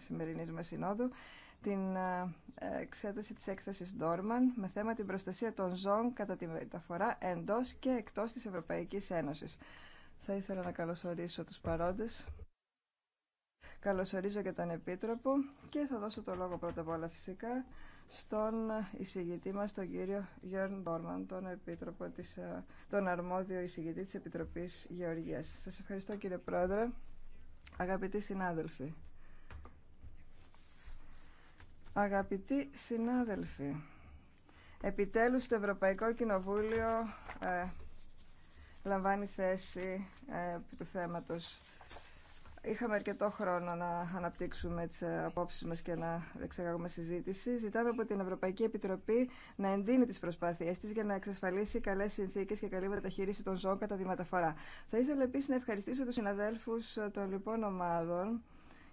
σημερινής μας συνόδου την ε, εξέταση της έκθεσης Dorman με θέμα την προστασία των ζώων κατά τη μεταφορά εντός και εκτός της Ευρωπαϊκής Ένωσης. Θα ήθελα να καλωσορίσω τους παρόντες. Καλωσορίζω και τον Επίτροπο και θα δώσω το λόγο πρώτα απ' όλα φυσικά στον εισηγητή μας, τον κύριο Γιώργο Ντόρμαν, τον, της, ε, τον αρμόδιο εισηγητή της Επιτροπής Γεωργίας. Σας ευχαριστώ κύριε Πρόεδρε, αγαπητοί συνάδελφοι. Αγαπητοί συνάδελφοι, επιτέλους το Ευρωπαϊκό Κοινοβούλιο ε, λαμβάνει θέση ε, του θέματος. Είχαμε αρκετό χρόνο να αναπτύξουμε τις ε, απόψεις μας και να εξεγάγουμε συζήτηση. Ζητάμε από την Ευρωπαϊκή Επιτροπή να εντείνει τις προσπάθειές της για να εξασφαλίσει καλές συνθήκες και καλή μεταχείριση των ζώων κατά τη μεταφορά. Θα ήθελα επίσης να ευχαριστήσω τους συναδέλφους ε, των λοιπόν ομάδων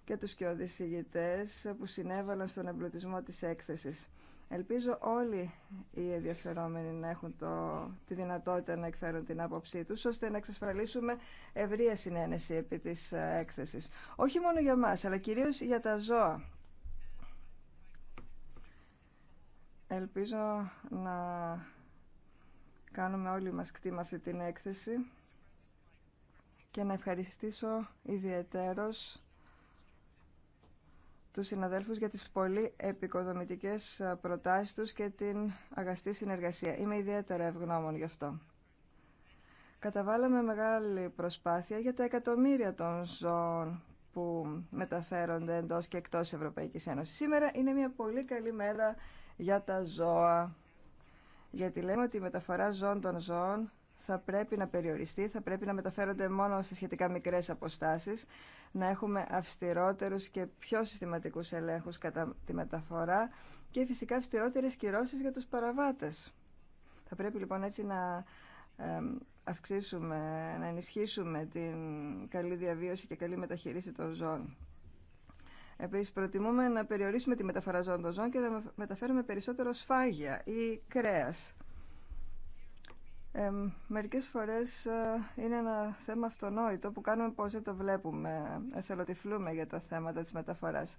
και τους και ηγητές που συνέβαλαν στον εμπλουτισμό της έκθεσης. Ελπίζω όλοι οι ενδιαφερόμενοι να έχουν το, τη δυνατότητα να εκφέρουν την άποψή τους, ώστε να εξασφαλίσουμε ευρεία συνένεση επί της ε, έκθεσης. Όχι μόνο για μας, αλλά κυρίως για τα ζώα. Ελπίζω να κάνουμε όλοι μας κτήμα αυτή την έκθεση και να ευχαριστήσω ιδιαίτερος τους συναδέλφους για τις πολύ επικοδομητικές ε, προτάσεις τους και την αγαστή συνεργασία. Είμαι ιδιαίτερα ευγνώμων γι' αυτό. Καταβάλαμε μεγάλη προσπάθεια για τα εκατομμύρια των ζώων που μεταφέρονται εντός και εκτός Ευρωπαϊκής Ένωσης. Σήμερα είναι μια πολύ καλή μέρα για τα ζώα, γιατί λέμε ότι η μεταφορά ζώων των ζώων θα πρέπει να περιοριστεί, θα πρέπει να μεταφέρονται μόνο σε σχετικά μικρές αποστάσεις, να έχουμε αυστηρότερους και πιο συστηματικούς ελέγχους κατά τη μεταφορά και φυσικά αυστηρότερες κυρώσεις για τους παραβάτες. Θα πρέπει λοιπόν έτσι να αυξήσουμε, να ενισχύσουμε την καλή διαβίωση και καλή μεταχείριση των ζών. Επίσης, προτιμούμε να περιορίσουμε τη μεταφορά ζώων των ζώων και να μεταφέρουμε περισσότερο σφάγια ή κρέας ε, μερικές φορές ε, είναι ένα θέμα αυτονόητο που κάνουμε πως δεν το βλέπουμε, εθελοτυφλούμε για τα θέματα της μεταφοράς.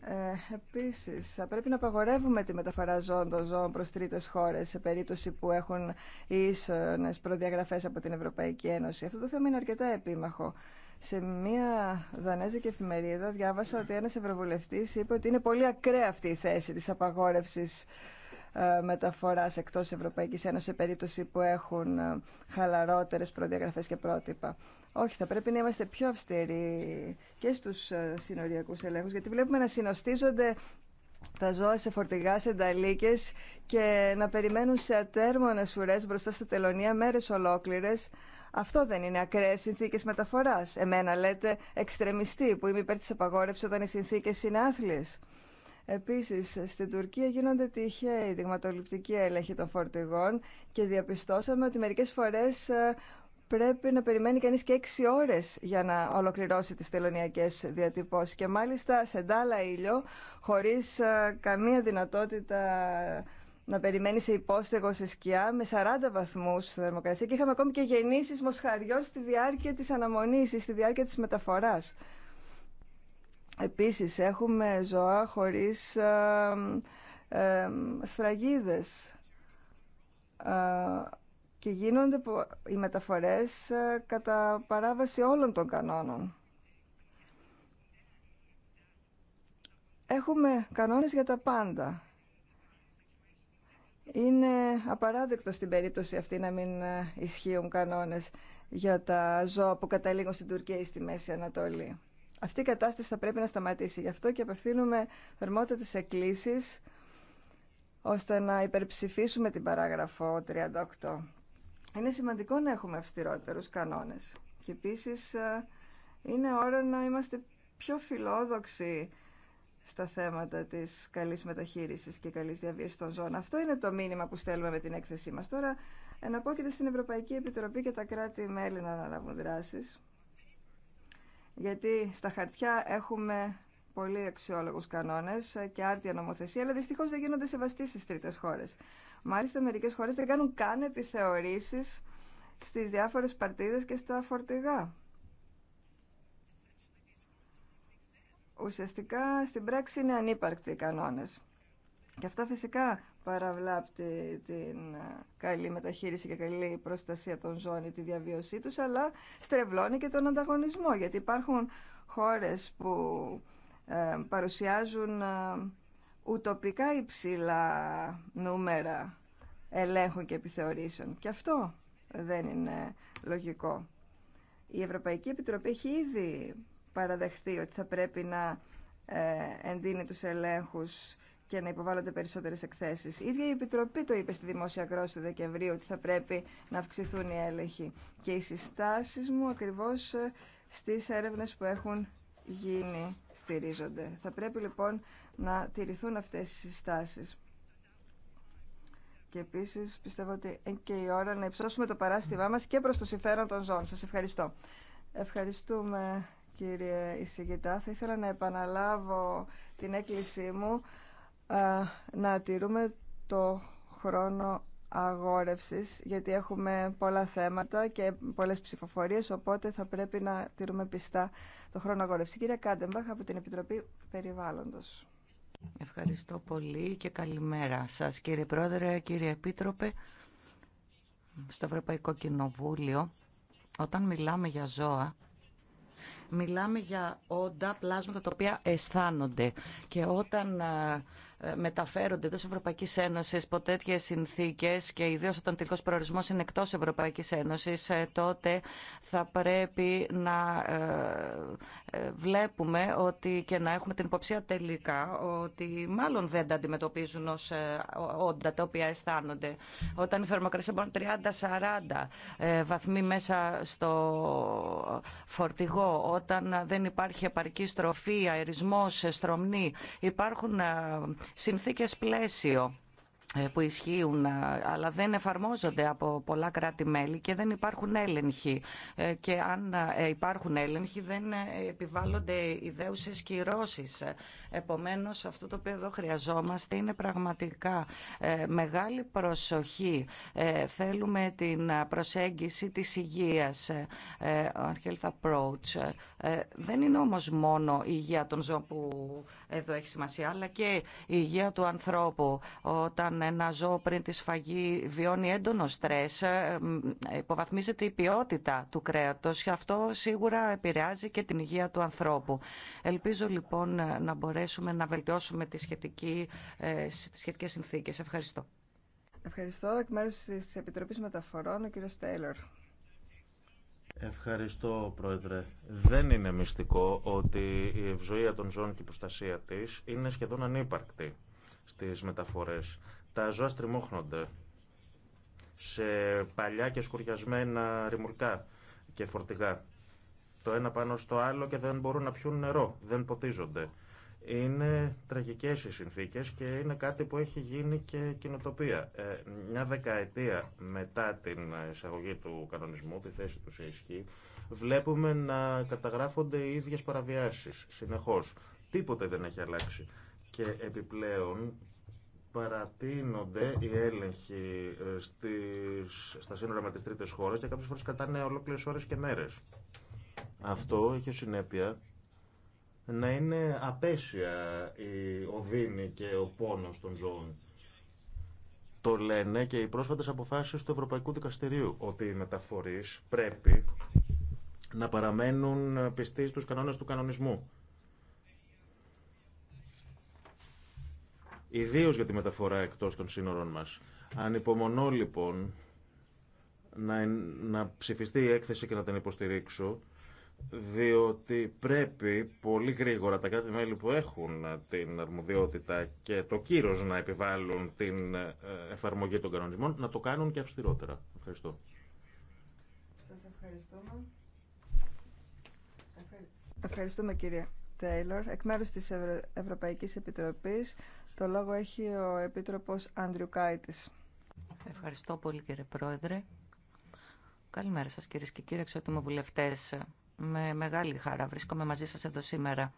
Ε, επίσης, θα πρέπει να απαγορεύουμε τη μεταφορά ζώων των ζώων προς τρίτες χώρες σε περίπτωση που έχουν ίσονες προδιαγραφές από την Ευρωπαϊκή Ένωση. Αυτό το θέμα είναι αρκετά επίμαχο. Σε μια δανέζικη εφημερίδα διάβασα ότι ένας ευρωβουλευτής είπε ότι είναι πολύ ακραία αυτή η θέση της απαγόρευσης ε, μεταφοράς εκτός Ευρωπαϊκής Ένωση σε περίπτωση που έχουν ε, χαλαρότερες προδιαγραφές και πρότυπα. Όχι, θα πρέπει να είμαστε πιο αυστηροί και στους ε, συνοριακούς ελέγχους, γιατί βλέπουμε να συνοστίζονται τα ζώα σε φορτηγά, σε νταλίκες και να περιμένουν σε ατέρμονες ουρές μπροστά στα τελωνία μέρες ολόκληρες. Αυτό δεν είναι ακραίε συνθήκε μεταφορά. Εμένα λέτε εξτρεμιστή που είμαι υπέρ τη απαγόρευση όταν οι συνθήκε είναι άθλιες. Επίσης, στην Τουρκία γίνονται τυχαίοι δειγματοληπτικοί έλεγχοι των φορτηγών και διαπιστώσαμε ότι μερικές φορές ε, πρέπει να περιμένει κανείς και έξι ώρες για να ολοκληρώσει τι τελωνιακέ διατυπώσει. και μάλιστα σε ντάλα ήλιο χωρίς ε, καμία δυνατότητα να περιμένει σε υπόστεγο σε σκιά με 40 βαθμούς θερμοκρασία και είχαμε ακόμη και γεννήσει μοσχαριών στη διάρκεια τη αναμονή, ή στη διάρκεια τη μεταφορά. Επίσης έχουμε ζώα χωρίς σφραγίδες και γίνονται οι μεταφορές ε, κατά παράβαση όλων των κανόνων. Έχουμε κανόνες για τα πάντα. Είναι απαράδεκτο στην περίπτωση αυτή να μην ε, ισχύουν κανόνες για τα ζώα που καταλήγουν στην Τουρκία ή στη Μέση Ανατολή. Αυτή η κατάσταση θα πρέπει να σταματήσει. Γι' αυτό και απευθύνουμε της εκκλήσεις ώστε να υπερψηφίσουμε την παράγραφο 38. Είναι σημαντικό να έχουμε αυστηρότερους κανόνες. Και επίσης ε, είναι ώρα να είμαστε πιο φιλόδοξοι στα θέματα της καλής μεταχείρισης και καλής διαβίωσης των ζώων. Αυτό είναι το μήνυμα που στέλνουμε με την έκθεσή μας. Τώρα εναπόκειται στην Ευρωπαϊκή Επιτροπή και τα κράτη-μέλη να αναλάβουν δράσεις γιατί στα χαρτιά έχουμε πολύ αξιόλογους κανόνες και άρτια νομοθεσία, αλλά δυστυχώς δεν γίνονται σεβαστοί στις τρίτες χώρες. Μάλιστα, μερικές χώρες δεν κάνουν καν επιθεωρήσεις στις διάφορες παρτίδες και στα φορτηγά. Ουσιαστικά, στην πράξη είναι ανύπαρκτοι οι κανόνες. Και αυτά φυσικά παραβλάπτει την ε, καλή μεταχείριση και καλή προστασία των ζώων ή τη διαβίωσή τους, αλλά στρεβλώνει και τον ανταγωνισμό, γιατί υπάρχουν χώρες που ε, παρουσιάζουν ε, ουτοπικά υψηλά νούμερα ελέγχων και επιθεωρήσεων. Και αυτό δεν είναι λογικό. Η Ευρωπαϊκή Επιτροπή έχει ήδη παραδεχθεί ότι θα πρέπει να εντείνει τους ελέγχους και να υποβάλλονται περισσότερε εκθέσει. Η ίδια η Επιτροπή το είπε στη Δημόσια Κρόση του Δεκεμβρίου ότι θα πρέπει να αυξηθούν οι έλεγχοι. Και οι συστάσει μου ακριβώ ε, στι έρευνε που έχουν γίνει στηρίζονται. Θα πρέπει λοιπόν να τηρηθούν αυτέ οι συστάσει. Και επίση πιστεύω ότι είναι και η ώρα να υψώσουμε το παράστημά μα και προ το συμφέρον των ζώων. Σα ευχαριστώ. Ευχαριστούμε κύριε Ισηγητά. Θα ήθελα να επαναλάβω την έκκλησή μου να τηρούμε το χρόνο αγόρευσης, γιατί έχουμε πολλά θέματα και πολλές ψηφοφορίες, οπότε θα πρέπει να τηρούμε πιστά το χρόνο αγόρευσης. Κύριε Κάντεμπαχ από την Επιτροπή Περιβάλλοντος. Ευχαριστώ πολύ και καλημέρα σας κύριε Πρόεδρε, κύριε Επίτροπε στο Ευρωπαϊκό Κοινοβούλιο. Όταν μιλάμε για ζώα, μιλάμε για όντα πλάσματα τα οποία αισθάνονται και όταν ε, μεταφέρονται εντό Ευρωπαϊκή Ένωση υπό τέτοιε συνθήκε και ιδίω όταν τελικό προορισμό είναι εκτό Ευρωπαϊκή Ένωση, ε, τότε θα πρέπει να ε, βλέπουμε ότι και να έχουμε την υποψία τελικά ότι μάλλον δεν τα αντιμετωπίζουν ω όντα τα οποία αισθάνονται. Όταν η θερμοκρασία μπορεί να 30-40 βαθμοί μέσα στο φορτηγό, όταν δεν υπάρχει επαρκή στροφή, αερισμό, στρομνή, υπάρχουν συνθήκες πλαίσιο ε, που ισχύουν αλλά δεν εφαρμόζονται από πολλά κράτη-μέλη και δεν υπάρχουν έλεγχοι. Ε, και αν ε, υπάρχουν έλεγχοι δεν επιβάλλονται ιδέουσες κυρώσεις. Επομένως αυτό το οποίο εδώ χρειαζόμαστε είναι πραγματικά μεγάλη προσοχή. Θέλουμε την προσέγγιση της υγείας, health approach. Δεν είναι όμως μόνο η υγεία των ζώων που εδώ έχει σημασία, αλλά και η υγεία του ανθρώπου όταν ένα ζώο πριν τη σφαγή βιώνει έντονο στρες, ε, υποβαθμίζεται η ποιότητα του κρέατος και αυτό σίγουρα επηρεάζει και την υγεία του ανθρώπου. Ελπίζω λοιπόν ε, να μπορέσουμε να βελτιώσουμε τις, ε, τις σχετικές συνθήκες. Ευχαριστώ. Ευχαριστώ. Εκ μέρους της Επιτροπής Μεταφορών, ο κύριος Τέιλορ. Ευχαριστώ, Πρόεδρε. Δεν είναι μυστικό ότι η ευζοία των ζώων και η προστασία της είναι σχεδόν ανύπαρκτη στις μεταφορές. Τα ζώα στριμώχνονται σε παλιά και σκουριασμένα ρημουρκά και φορτηγά. Το ένα πάνω στο άλλο και δεν μπορούν να πιούν νερό, δεν ποτίζονται. Είναι τραγικές οι συνθήκες και είναι κάτι που έχει γίνει και κοινοτοπία. Ε, μια δεκαετία μετά την εισαγωγή του κανονισμού, τη θέση του σε ισχύ, βλέπουμε να καταγράφονται οι ίδιες παραβιάσεις συνεχώς. Τίποτε δεν έχει αλλάξει. Και επιπλέον παρατείνονται οι έλεγχοι ε, στις, στα σύνορα με τις τρίτες χώρες και κάποιες φορές κατάνε ολόκληρες ώρες και μέρες. Αυτό έχει συνέπεια να είναι απέσια η οδύνη και ο πόνος των ζώων. Το λένε και οι πρόσφατες αποφάσεις του Ευρωπαϊκού Δικαστηρίου ότι οι μεταφορείς πρέπει να παραμένουν πιστοί στους κανόνες του κανονισμού ιδίω για τη μεταφορά εκτός των σύνορων μας. Ανυπομονώ λοιπόν να, να ψηφιστεί η έκθεση και να την υποστηρίξω, διότι πρέπει πολύ γρήγορα τα κράτη-μέλη που έχουν την αρμοδιότητα και το κύρος να επιβάλλουν την ε, εφαρμογή των κανονισμών, να το κάνουν και αυστηρότερα. Ευχαριστώ. Σας ευχαριστούμε. Ευχαριστούμε κύριε Τέιλορ. Εκ μέρους της Ευρωπαϊκής Επιτροπής το λόγο έχει ο Επίτροπος Άντριου Κάιτης. Ευχαριστώ πολύ κύριε Πρόεδρε. Καλημέρα σας κύριε και κύριοι εξωτήμου Με μεγάλη χαρά βρίσκομαι μαζί σας εδώ σήμερα.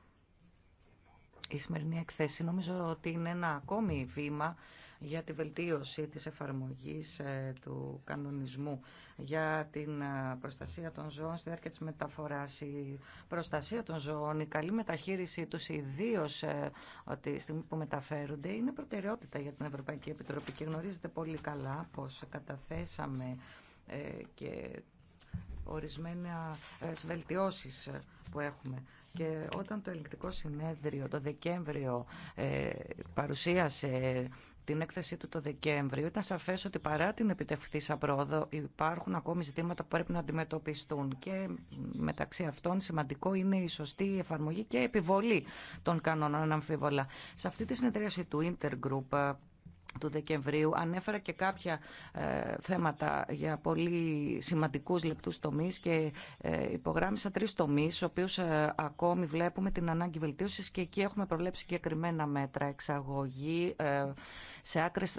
Η σημερινή εκθέση νομίζω ότι είναι ένα ακόμη βήμα για τη βελτίωση της εφαρμογής ε, του κανονισμού για την ε, προστασία των ζώων στη διάρκεια της μεταφοράς. Η προστασία των ζώων, η καλή μεταχείρισή τους, ιδίω ε, ότι στιγμή που μεταφέρονται, είναι προτεραιότητα για την Ευρωπαϊκή Επιτροπή και γνωρίζετε πολύ καλά πως καταθέσαμε και ορισμένα βελτιώσεις που έχουμε. Και όταν το ελεκτικό συνέδριο το Δεκέμβριο παρουσίασε την έκθεσή του το Δεκέμβριο, ήταν σαφέ ότι παρά την σαν πρόοδο υπάρχουν ακόμη ζητήματα που πρέπει να αντιμετωπιστούν. Και μεταξύ αυτών σημαντικό είναι η σωστή εφαρμογή και επιβολή των κανόνων, αναμφίβολα. Σε αυτή τη συνεδρίαση του Intergroup του Δεκεμβρίου ανέφερα και κάποια ε, θέματα για πολύ σημαντικούς λεπτούς τομείς και ε, υπογράμμισα τρεις τομείς, στους οποίους ε, ακόμη βλέπουμε την ανάγκη βελτίωσης και εκεί έχουμε προβλέψει συγκεκριμένα μέτρα εξαγωγή σε άκρες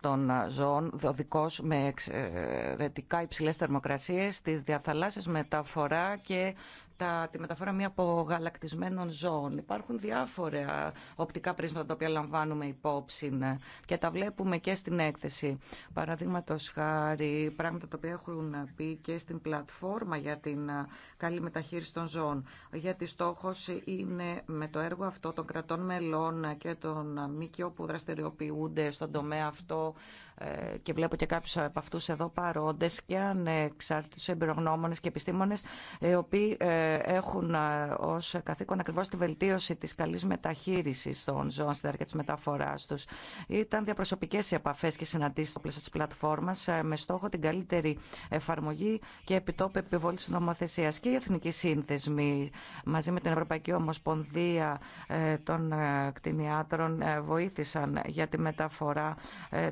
των ζώων δοδικός με εξαιρετικά υψηλές θερμοκρασίες, στις διαθαλάσσιες μεταφορά και τα, τη μεταφορά μη γαλακτισμένων ζώων. Υπάρχουν διάφορα οπτικά πρίσματα τα οποία λαμβάνουμε υπόψη ναι, και τα βλέπουμε και στην έκθεση. Παραδείγματο χάρη, πράγματα τα οποία έχουν πει και στην πλατφόρμα για την καλή μεταχείριση των ζώων. Γιατί στόχο είναι με το έργο αυτό των κρατών μελών και των ΜΚΟ που δραστηριοποιούνται στον τομέα αυτό ε, και βλέπω και κάποιου από αυτού εδώ παρόντε και ανεξάρτητου εμπειρογνώμονε και επιστήμονε οι οποίοι ε, έχουν ε, ως καθήκον ακριβώς τη βελτίωση της καλής μεταχείρισης των ζώων στη διάρκεια της μεταφοράς τους. Ήταν διαπροσωπικές οι επαφές και συναντήσεις στο πλαίσιο της πλατφόρμας ε, με στόχο την καλύτερη εφαρμογή και επιτόπου επιβολή της νομοθεσίας και οι εθνικοί σύνθεσμοι μαζί με την Ευρωπαϊκή Ομοσπονδία ε, των κτηνιάτρων βοήθησαν για τη μεταφορά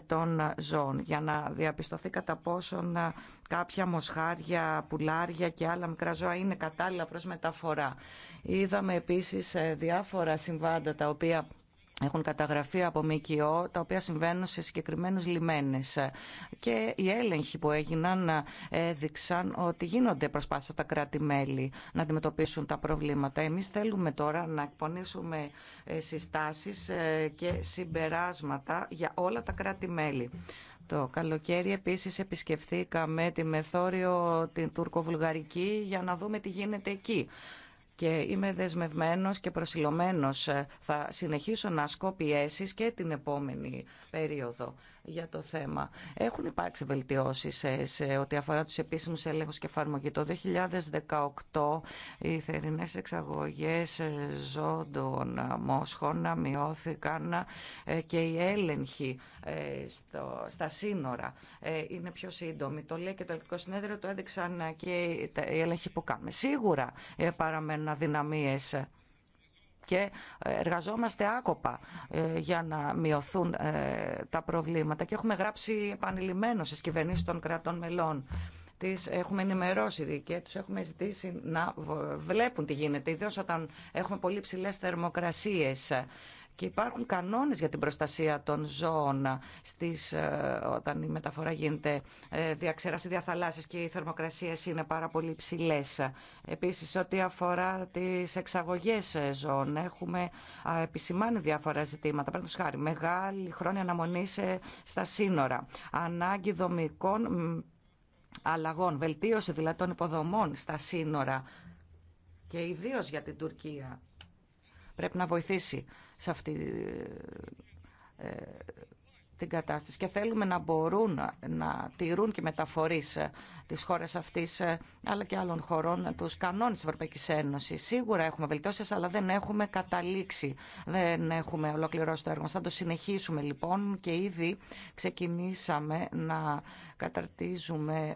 των ζώων για να διαπιστωθεί κατά πόσον κάποια μοσχάρια, πουλάρια και άλλα μικρά ζώα είναι κατάλληλα προς μεταφορά. Είδαμε επίσης ε, διάφορα συμβάντα τα οποία έχουν καταγραφεί από ΜΚΟ τα οποία συμβαίνουν σε συγκεκριμένους λιμένες και οι έλεγχοι που έγιναν ε, έδειξαν ότι γίνονται προσπάθεια από τα κράτη-μέλη να αντιμετωπίσουν τα προβλήματα. Εμείς θέλουμε τώρα να εκπονήσουμε ε, συστάσεις και συμπεράσματα για όλα τα κράτη-μέλη. Το καλοκαίρι επίσης επισκεφθήκαμε τη μεθόριο την τουρκοβουλγαρική για να δούμε τι γίνεται εκεί και είμαι δεσμευμένος και προσιλωμένος. Ε, θα συνεχίσω να ασκώ πιέσεις και την επόμενη περίοδο για το θέμα. Έχουν υπάρξει βελτιώσεις ε, σε, ό,τι αφορά τους επίσημους έλεγχους και εφαρμογή. Το 2018 οι θερινές εξαγωγές ε, ζώντων μόσχων μειώθηκαν και οι έλεγχοι στο, στα σύνορα είναι πιο σύντομοι. Το λέει και το Ελληνικό Συνέδριο, το έδειξαν και οι έλεγχοι που κάνουμε. Σίγουρα παραμένουν αδυναμίες και ε, εργαζόμαστε άκοπα ε, για να μειωθούν ε, τα προβλήματα και έχουμε γράψει επανειλημμένως στις κυβερνήσεις των κρατών μελών τις έχουμε ενημερώσει και τους έχουμε ζητήσει να βλέπουν τι γίνεται, ιδίως όταν έχουμε πολύ ψηλές θερμοκρασίες και υπάρχουν κανόνες για την προστασία των ζώων στις, ε, όταν η μεταφορά γίνεται ε, διαξέραση διαθαλάσσης και οι θερμοκρασίες είναι πάρα πολύ ψηλέ. Επίσης, ό,τι αφορά τις εξαγωγές ε, ζώων, έχουμε επισημάνει διάφορα ζητήματα. Πρέπει χάρη, μεγάλη χρόνια αναμονή στα σύνορα, ανάγκη δομικών αλλαγών, βελτίωση δηλαδή των υποδομών στα σύνορα και ιδίως για την Τουρκία. Πρέπει να βοηθήσει σε αυτή ε, την κατάσταση και θέλουμε να μπορούν να τηρούν και μεταφορείς ε, τις χώρες αυτής ε, αλλά και άλλων χωρών τους κανόνες της Ευρωπαϊκής Ένωσης. Σίγουρα έχουμε βελτιώσεις αλλά δεν έχουμε καταλήξει, δεν έχουμε ολοκληρώσει το έργο Θα το συνεχίσουμε λοιπόν και ήδη ξεκινήσαμε να καταρτίζουμε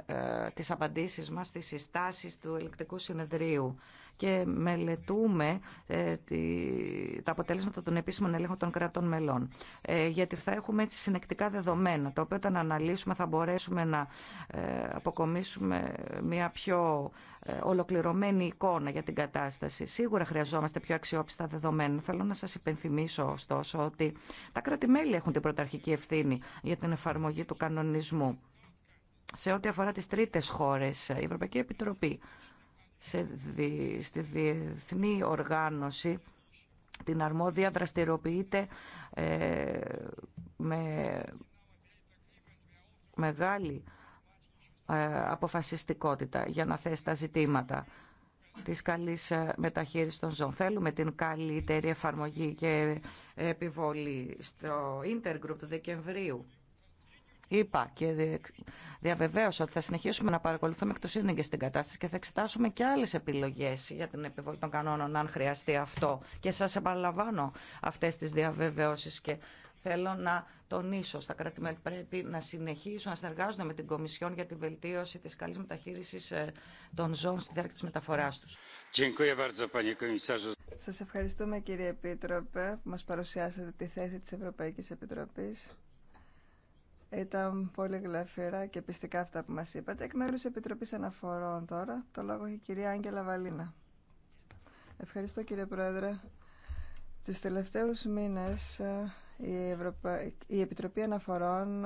τις απαντήσεις μας στις συστάσεις του ελεκτικού συνεδρίου και μελετούμε ε, τα αποτελέσματα των επίσημων ελέγχων των κρατών μελών. Ε, γιατί θα έχουμε έτσι συνεκτικά δεδομένα, τα οποία όταν αναλύσουμε θα μπορέσουμε να ε, αποκομίσουμε μια πιο ολοκληρωμένη εικόνα για την κατάσταση. Σίγουρα χρειαζόμαστε πιο αξιόπιστα δεδομένα. Θέλω να σας υπενθυμίσω ωστόσο ότι τα κράτη-μέλη έχουν την πρωταρχική ευθύνη για την εφαρμογή του κανονισμού. Σε ό,τι αφορά τις τρίτες χώρες, η Ευρωπαϊκή Επιτροπή σε, στη διεθνή οργάνωση την αρμόδια δραστηριοποιείται ε, με μεγάλη ε, αποφασιστικότητα για να θέσει τα ζητήματα της καλής ε, μεταχείρισης των ζώων. Θέλουμε την καλύτερη εφαρμογή και επιβολή στο Intergroup του Δεκεμβρίου Είπα και διαβεβαίωσα ότι θα συνεχίσουμε να παρακολουθούμε εκ του στην στην κατάσταση και θα εξετάσουμε και άλλε επιλογέ για την επιβολή των κανόνων, αν χρειαστεί αυτό. Και σα επαναλαμβάνω αυτέ τι διαβεβαιώσει και θέλω να τονίσω στα κράτη-μέλη πρέπει να συνεχίσουν να συνεργάζονται με την Κομισιόν για τη βελτίωση τη καλή μεταχείρισης ε, των ζώων στη διάρκεια τη μεταφορά του. Σα ευχαριστούμε κύριε Επίτροπε που μα παρουσιάσατε τη θέση τη Ευρωπαϊκή Επιτροπή. Ήταν πολύ γλαφυρά και πιστικά αυτά που μας είπατε. Εκ μέρους Επιτροπής Αναφορών τώρα, το λόγο έχει η κυρία Άγγελα Βαλίνα. Ευχαριστώ κύριε Πρόεδρε. Τους τελευταίους μήνες ε, η, Ευρωπα... η Επιτροπή Αναφορών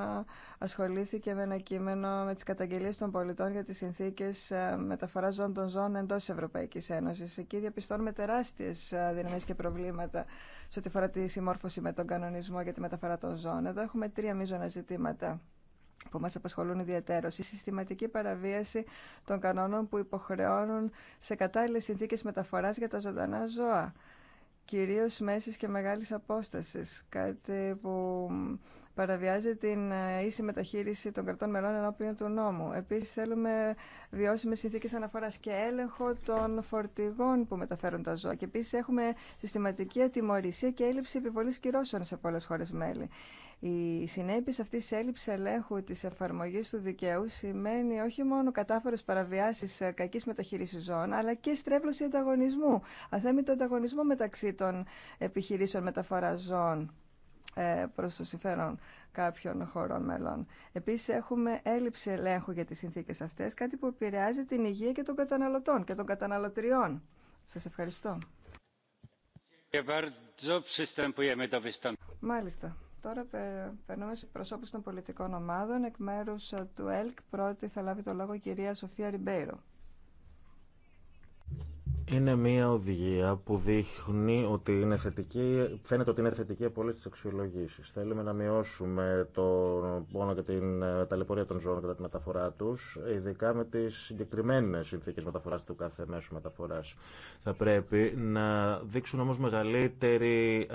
ασχολήθηκε με ένα κείμενο με τις καταγγελίες των πολιτών για τις συνθήκες μεταφοράς ζώων των ζώων εντός της Ευρωπαϊκής Ένωσης. Εκεί διαπιστώνουμε τεράστιες δυναμίες και προβλήματα σε ό,τι αφορά τη συμμόρφωση με τον κανονισμό για τη μεταφορά των ζώων. Εδώ έχουμε τρία μείζωνα ζητήματα που μας απασχολούν ιδιαίτερως. Η συστηματική παραβίαση των κανόνων που υποχρεώνουν σε κατάλληλες συνθήκες μεταφοράς για τα ζωντανά ζώα κυρίως μέσης και μεγάλης απόστασης, κάτι που παραβιάζει την ε, ίση μεταχείριση των κρατών μελών ενώπιον του νόμου. Επίσης θέλουμε βιώσιμες συνθήκες αναφοράς και έλεγχο των φορτηγών που μεταφέρουν τα ζώα. Και επίσης έχουμε συστηματική ατιμορρησία και έλλειψη επιβολής κυρώσεων σε πολλές χώρες μέλη. Η συνέπειε αυτή τη έλλειψη ελέγχου τη εφαρμογή του δικαίου σημαίνει όχι μόνο κατάφορε παραβιάσει ε, κακή μεταχείριση ζώων, αλλά και στρέβλωση ανταγωνισμού. Αθέμητο ανταγωνισμό μεταξύ των επιχειρήσεων μεταφορά ζώων ε, προ το συμφέρον κάποιων χωρών μελών. Επίση, έχουμε έλλειψη ελέγχου για τι συνθήκε αυτέ, κάτι που επηρεάζει την υγεία και των καταναλωτών και των καταναλωτριών. Σα ευχαριστώ. Μάλιστα. Τώρα περνούμε σε προσώπους των πολιτικών ομάδων. Εκ μέρους ε, του ΕΛΚ πρώτη θα λάβει το λόγο η κυρία Σοφία Ριμπέιρο. Είναι μια οδηγία που δείχνει ότι είναι θετική, φαίνεται ότι είναι θετική από όλε τι αξιολογήσει. Θέλουμε να μειώσουμε το πόνο και την ταλαιπωρία των ζώων κατά τη μεταφορά του, ειδικά με τι συγκεκριμένε συνθήκε μεταφορά του κάθε μέσου μεταφορά. Θα πρέπει να δείξουν όμω μεγαλύτερη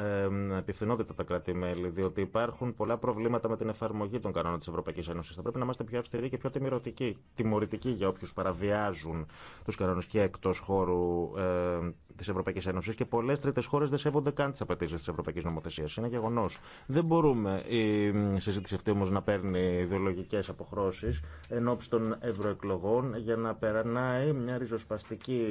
επιθυνότητα τα κράτη-μέλη, διότι υπάρχουν πολλά προβλήματα με την εφαρμογή των κανόνων τη Ευρωπαϊκή Ένωση. Θα πρέπει να είμαστε πιο αυστηροί και πιο τιμωρητικοί για όποιου παραβιάζουν του κανόνε και εκτό χώρου του ε, τη Ευρωπαϊκή Ένωση και πολλέ τρίτε χώρε δεν σέβονται καν τι απαιτήσει τη Ευρωπαϊκή Νομοθεσία. Είναι γεγονό. Δεν μπορούμε η συζήτηση αυτή όμω να παίρνει ιδεολογικέ αποχρώσει εν ώψη των ευρωεκλογών για να περνάει μια ριζοσπαστική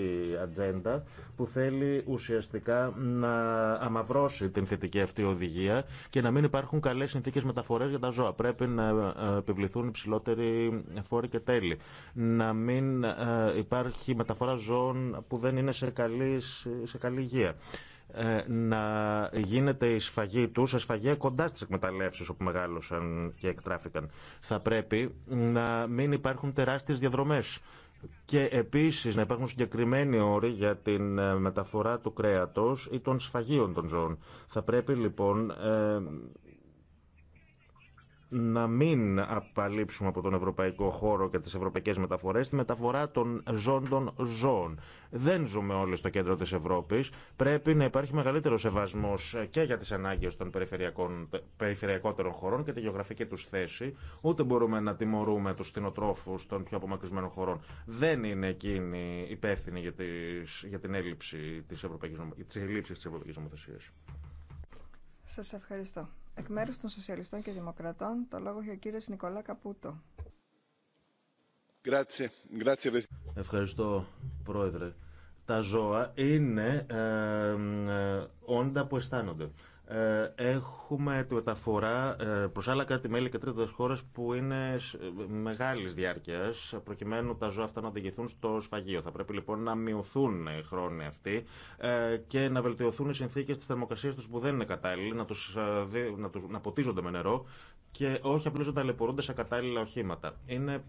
ατζέντα που θέλει ουσιαστικά να αμαυρώσει την θετική αυτή οδηγία και να μην υπάρχουν καλέ συνθήκε μεταφορέ για τα ζώα. Πρέπει να ε, επιβληθούν υψηλότεροι φόροι και τέλη. Να μην ε, υπάρχει μεταφορά ζώων που δεν είναι σε καλή σε καλή υγεία ε, να γίνεται η σφαγή του σε σφαγεία κοντά στι εκμεταλλεύσει όπου μεγάλωσαν και εκτράφηκαν. Θα πρέπει να μην υπάρχουν τεράστιε διαδρομέ. Και επίση να υπάρχουν συγκεκριμένοι όροι για την ε, μεταφορά του κρέατος ή των σφαγείων των ζώων. Θα πρέπει λοιπόν ε, να μην απαλείψουμε από τον ευρωπαϊκό χώρο και τις ευρωπαϊκές μεταφορές τη μεταφορά των ζώντων ζώων. Δεν ζούμε όλοι στο κέντρο της Ευρώπης. Πρέπει να υπάρχει μεγαλύτερο σεβασμός και για τις ανάγκες των περιφερειακότερων χωρών και τη γεωγραφική τους θέση. Ούτε μπορούμε να τιμωρούμε τους κτηνοτρόφους των πιο απομακρυσμένων χωρών. Δεν είναι εκείνοι υπεύθυνοι για, τις, για την έλλειψη της, ευρωπαϊκής, της, της Ευρωπαϊκής Νομοθεσίας. Σας ευχαριστώ. Εκ μέρου των Σοσιαλιστών και Δημοκρατών, το λόγο έχει ο κύριο Νικολά Καπούτο. Ευχαριστώ, Πρόεδρε. Τα ζώα είναι ε, ε, όντα που αισθάνονται. Ε, έχουμε τη μεταφορά ε, προς αλλα κάτι κράτη-μέλη και τρίτες χώρες που είναι μεγάλης διάρκειας προκειμένου τα ζώα αυτά να οδηγηθούν στο σφαγείο. Θα πρέπει λοιπόν να μειωθούν οι χρόνοι αυτοί ε, και να βελτιωθούν οι συνθήκες της θερμοκρασίας τους που δεν είναι κατάλληλοι, να, τους, να, τους, να ποτίζονται με νερό και όχι απλώς να ταλαιπωρούνται σε κατάλληλα οχήματα. Είναι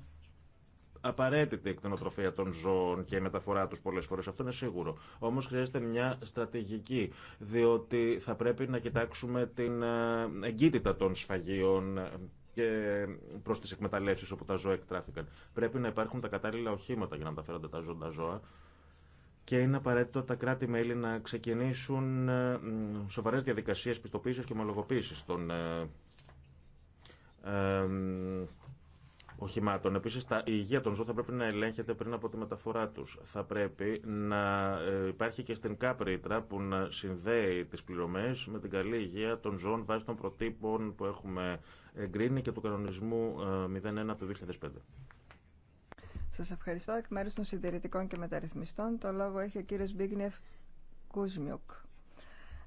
απαραίτητη εκτενοτροφία των ζώων και η μεταφορά του πολλέ φορέ. Αυτό είναι σίγουρο. Όμω χρειάζεται μια στρατηγική, διότι θα πρέπει να κοιτάξουμε την ε, εγκύτητα των σφαγείων ε, και προ τι εκμεταλλεύσει όπου τα ζώα εκτράφηκαν. Πρέπει να υπάρχουν τα κατάλληλα οχήματα για να μεταφέρονται τα ζώντα ζώα. Και είναι απαραίτητο τα κράτη-μέλη να ξεκινήσουν ε, σοβαρές διαδικασίε πιστοποίηση και ομολογοποίηση των οχημάτων. Επίση, η υγεία των ζώων θα πρέπει να ελέγχεται πριν από τη μεταφορά του. Θα πρέπει να ε, υπάρχει και στην Κάπριτρα που να συνδέει τι πληρωμέ με την καλή υγεία των ζώων βάσει των προτύπων που έχουμε εγκρίνει και του κανονισμού 01 ε, του 2005. Σα ευχαριστώ. Εκ μέρου των συντηρητικών και μεταρρυθμιστών, το λόγο έχει ο κύριο Μπίγνιεφ Κούσμιουκ.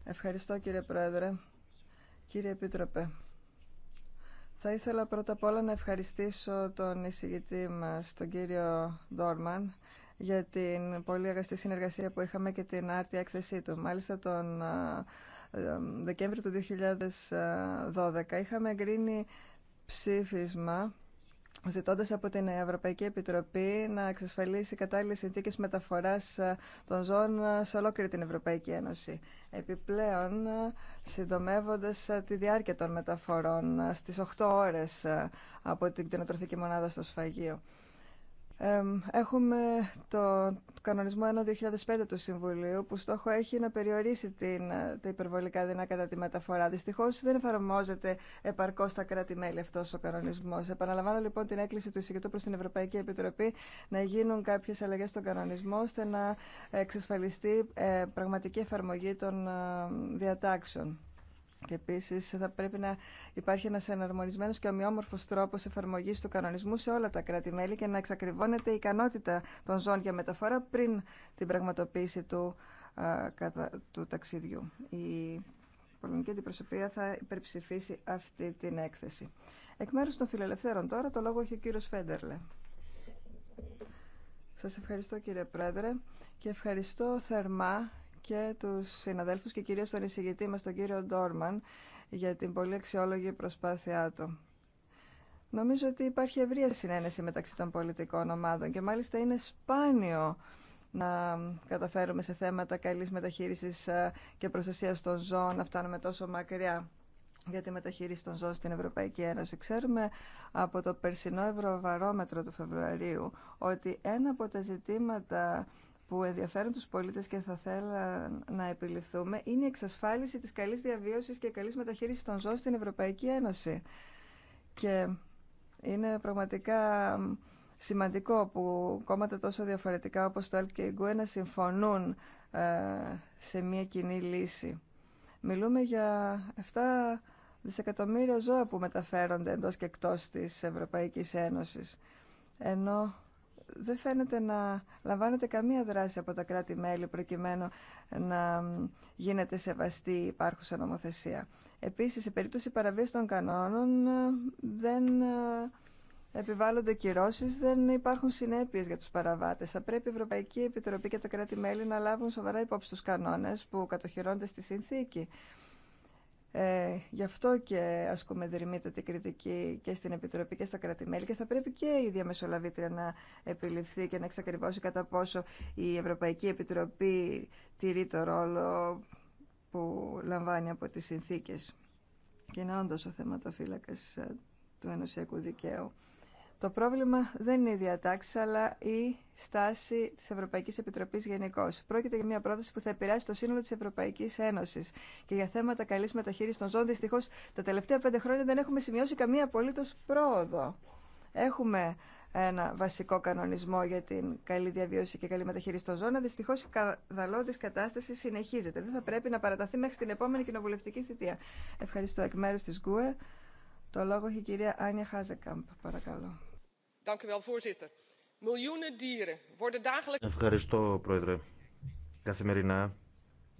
Ευχαριστώ κύριε Πρόεδρε. Κύριε Επίτροπε, θα ήθελα πρώτα απ' όλα να ευχαριστήσω τον εισηγητή μας, τον κύριο Ντόρμαν, για την πολύ αγαστή συνεργασία που είχαμε και την άρτια έκθεσή του. Μάλιστα τον ε, ε, Δεκέμβριο του 2012 ε, είχαμε εγκρίνει ψήφισμα ζητώντας από την Ευρωπαϊκή Επιτροπή να εξασφαλίσει κατάλληλες συνθήκε μεταφοράς ε, των ζώων ε, σε ολόκληρη την Ευρωπαϊκή Ένωση. Επιπλέον, ε, συντομεύοντας τη διάρκεια των μεταφορών στις 8 ώρες από την κτηνοτροφική μονάδα στο σφαγείο έχουμε το κανονισμό 1-2005 του Συμβουλίου που στόχο έχει να περιορίσει την, ε, τα υπερβολικά δεινά κατά τη μεταφορά. Δυστυχώ δεν εφαρμόζεται επαρκώ στα κράτη-μέλη αυτό ο κανονισμό. Επαναλαμβάνω λοιπόν την έκκληση του εισηγητού προ την Ευρωπαϊκή Επιτροπή να γίνουν κάποιε αλλαγέ στον κανονισμό ώστε να εξασφαλιστεί ε, πραγματική εφαρμογή των ε, διατάξεων. Και επίση θα πρέπει να υπάρχει ένα εναρμονισμένο και ομοιόμορφο τρόπο εφαρμογή του κανονισμού σε όλα τα κράτη-μέλη και να εξακριβώνεται η ικανότητα των ζών για μεταφορά πριν την πραγματοποίηση του, κατα, του ταξιδιού. Η πολιτική αντιπροσωπεία θα υπερψηφίσει αυτή την έκθεση. Εκ μέρου των φιλελευθέρων τώρα το λόγο έχει ο κύριο Φέντερλε. Σα ευχαριστώ κύριε Πρόεδρε και ευχαριστώ θερμά και τους συναδέλφους και κυρίως τον εισηγητή μας, τον κύριο Ντόρμαν, για την πολύ αξιόλογη προσπάθειά του. Νομίζω ότι υπάρχει ευρεία συνένεση μεταξύ των πολιτικών ομάδων και μάλιστα είναι σπάνιο να καταφέρουμε σε θέματα καλής μεταχείρισης ε, και προστασίας των ζώων να φτάνουμε τόσο μακριά για τη μεταχείριση των ζώων στην Ευρωπαϊκή Ένωση. Ξέρουμε από το περσινό Ευρωβαρόμετρο του Φεβρουαρίου ότι ένα από τα ζητήματα που ενδιαφέρουν τους πολίτες και θα θέλα να επιληφθούμε είναι η εξασφάλιση της καλής διαβίωσης και καλής μεταχείρισης των ζώων στην Ευρωπαϊκή Ένωση. Και είναι πραγματικά σημαντικό που κόμματα τόσο διαφορετικά όπως το και η ΓΚΟΕ να συμφωνούν ε, σε μια κοινή λύση. Μιλούμε για 7 δισεκατομμύρια ζώα που μεταφέρονται εντός και εκτός της Ευρωπαϊκής Ένωσης. Ενώ δεν φαίνεται να λαμβάνεται καμία δράση από τα κράτη-μέλη προκειμένου να γίνεται σεβαστή η υπάρχουσα νομοθεσία. Επίσης, σε περίπτωση παραβίες των κανόνων ε, δεν ε, επιβάλλονται κυρώσει, δεν υπάρχουν συνέπειες για τους παραβάτες. Θα πρέπει η Ευρωπαϊκή Επιτροπή και τα κράτη-μέλη να λάβουν σοβαρά υπόψη τους κανόνες που κατοχυρώνται στη συνθήκη ε, γι' αυτό και ασκούμε δρυμύτατη κριτική και στην Επιτροπή και στα κράτη-μέλη και θα πρέπει και η διαμεσολαβήτρια να επιληφθεί και να εξακριβώσει κατά πόσο η Ευρωπαϊκή Επιτροπή τηρεί το ρόλο που λαμβάνει από τις συνθήκες και είναι όντως ο θεματοφύλακας ε, του ενωσιακού δικαίου. Το πρόβλημα δεν είναι η διατάξη, αλλά η στάση τη Ευρωπαϊκή Επιτροπή γενικώ. Πρόκειται για μια πρόταση που θα επηρεάσει το σύνολο τη Ευρωπαϊκή Ένωση. Και για θέματα καλή μεταχείριση των ζώων, Δυστυχώ, τα τελευταία πέντε χρόνια δεν έχουμε σημειώσει καμία απολύτω πρόοδο. Έχουμε ένα βασικό κανονισμό για την καλή διαβίωση και καλή μεταχείριση των ζώων. Δυστυχώ η καδαλώδη κατάσταση συνεχίζεται. Δεν θα πρέπει να παραταθεί μέχρι την επόμενη κοινοβουλευτική θητεία. Ευχαριστώ εκ μέρου τη ΓΚΟΕ. Το λόγο έχει η κυρία Άνια Χάζεκαμπ. Παρακαλώ. Ευχαριστώ, Πρόεδρε. Καθημερινά,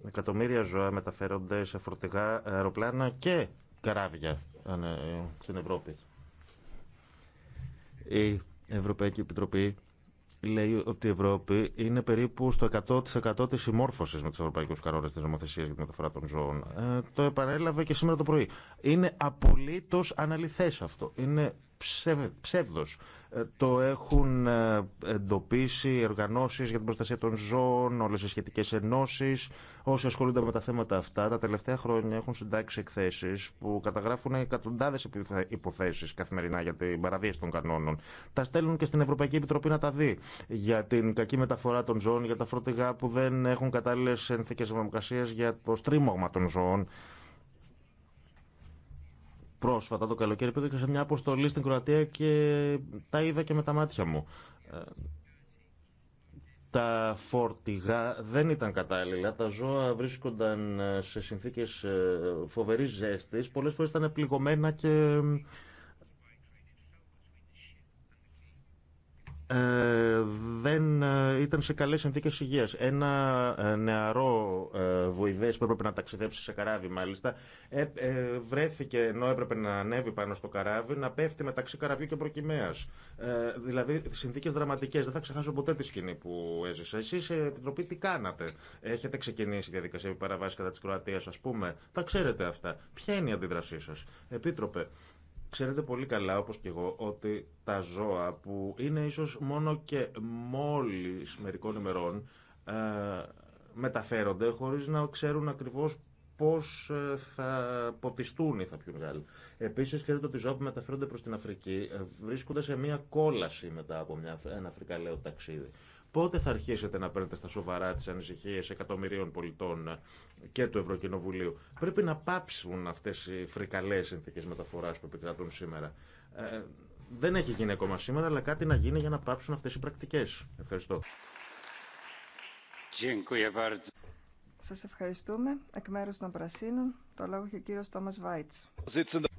εκατομμύρια ζώα μεταφέρονται σε φορτηγά αεροπλάνα και καράβια στην Ευρώπη. Η Ευρωπαϊκή Επιτροπή λέει ότι η Ευρώπη είναι περίπου στο 100% τη συμμόρφωση με του ευρωπαϊκού κανόνε τη νομοθεσία για τη μεταφορά των ζώων. Ε, το επανέλαβε και σήμερα το πρωί. Είναι απολύτω αναλυθέ αυτό. Είναι ψεύδο. Το έχουν ε, εντοπίσει οι οργανώσεις για την προστασία των ζώων, όλες οι σχετικές ενώσεις. Όσοι ασχολούνται με τα θέματα αυτά, τα τελευταία χρόνια έχουν συντάξει εκθέσεις που καταγράφουν εκατοντάδες υποθέσεις καθημερινά για την παραβίαση των κανόνων. Τα στέλνουν και στην Ευρωπαϊκή Επιτροπή να τα δει για την κακή μεταφορά των ζώων, για τα φροντιγά που δεν έχουν κατάλληλες ενθήκες δημοκρασίας, για το στρίμωγμα των ζώων πρόσφατα το καλοκαίρι πήγα και σε μια αποστολή στην Κροατία και τα είδα και με τα μάτια μου. Ε, τα φόρτηγα δεν ήταν κατάλληλα. Τα ζώα βρίσκονταν ε, σε συνθήκες ε, φοβερής ζέστης. Πολλές φορές ήταν πληγωμένα και Ε, δεν ε, ήταν σε καλές συνθήκες υγείας. Ένα ε, νεαρό ε, που έπρεπε να ταξιδέψει σε καράβι μάλιστα βρέθηκε ενώ έπρεπε να ανέβει πάνω στο καράβι να πέφτει μεταξύ καραβιού και προκυμαίας. δηλαδή συνθήκες δραματικές. Δεν θα ξεχάσω ποτέ τη σκηνή που έζησα. Εσείς επιτροπή τι κάνατε. Έχετε ξεκινήσει η διαδικασία επιπαραβάσης κατά της Κροατίας ας πούμε. Τα ξέρετε αυτά. Ποια είναι η αντίδρασή σας. Επίτροπε, Ξέρετε πολύ καλά, όπως και εγώ, ότι τα ζώα που είναι ίσως μόνο και μόλις μερικών ημερών ε, μεταφέρονται χωρίς να ξέρουν ακριβώς Πώ ε, θα ποτιστούν ή θα πιούν Επίση, Επίσης, ότι οι ζώα που μεταφέρονται προ την Αφρική ε, βρίσκονται σε μια κόλαση μετά από μια, ένα φρικαλαίο ταξίδι. Πότε θα αρχίσετε να παίρνετε στα σοβαρά τι ανησυχίε εκατομμυρίων πολιτών ε, και του Ευρωκοινοβουλίου. Πρέπει να πάψουν αυτέ οι φρικαλές συνθήκε μεταφορά που επικρατούν σήμερα. δεν έχει γίνει ακόμα σήμερα, αλλά κάτι να γίνει για να πάψουν αυτέ οι πρακτικέ. Ευχαριστώ. Σας ευχαριστούμε. Εκ μέρους των Πρασίνων, το λόγο έχει ο κύριος Τόμας Βάιτς.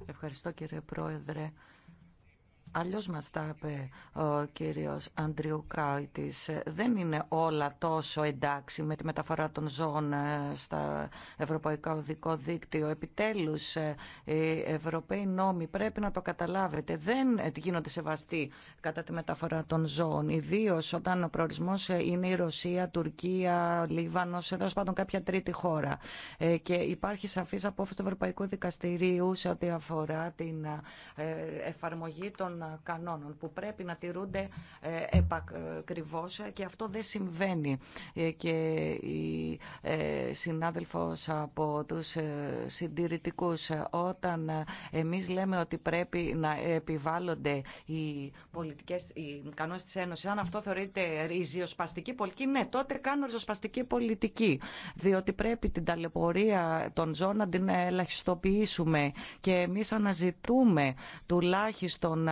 Ευχαριστώ κύριε Πρόεδρε. Αλλιώς μας τα είπε ο κύριος Αντριουκάητης. Δεν είναι όλα τόσο εντάξει με τη μεταφορά των ζώων ε, στα Ευρωπαϊκά Οδικό Δίκτυο. Επιτέλους, ε, οι Ευρωπαίοι νόμοι πρέπει να το καταλάβετε. Δεν γίνονται σεβαστοί κατά τη μεταφορά των ζώων. Ιδίω όταν ο προορισμός ε, είναι η Ρωσία, Τουρκία, Λίβανος, τέλο πάντων κάποια τρίτη χώρα. Και υπάρχει σαφής απόφαση του Ευρωπαϊκού Δικαστηρίου σε ό,τι αφορά την εφαρμογή των κανόνων που πρέπει να τηρούνται ε, επακριβώς και αυτό δεν συμβαίνει. Ε, και η ε, συνάδελφος από τους συντηρητικούς όταν εμείς λέμε ότι πρέπει να επιβάλλονται οι, πολιτικές, οι κανόνες της Ένωσης αν αυτό θεωρείται ριζοσπαστική πολιτική, ναι τότε κάνω ριζοσπαστική πολιτική διότι πρέπει την ταλαιπωρία των ζώων να την ελαχιστοποιήσουμε και εμείς αναζητούμε τουλάχιστον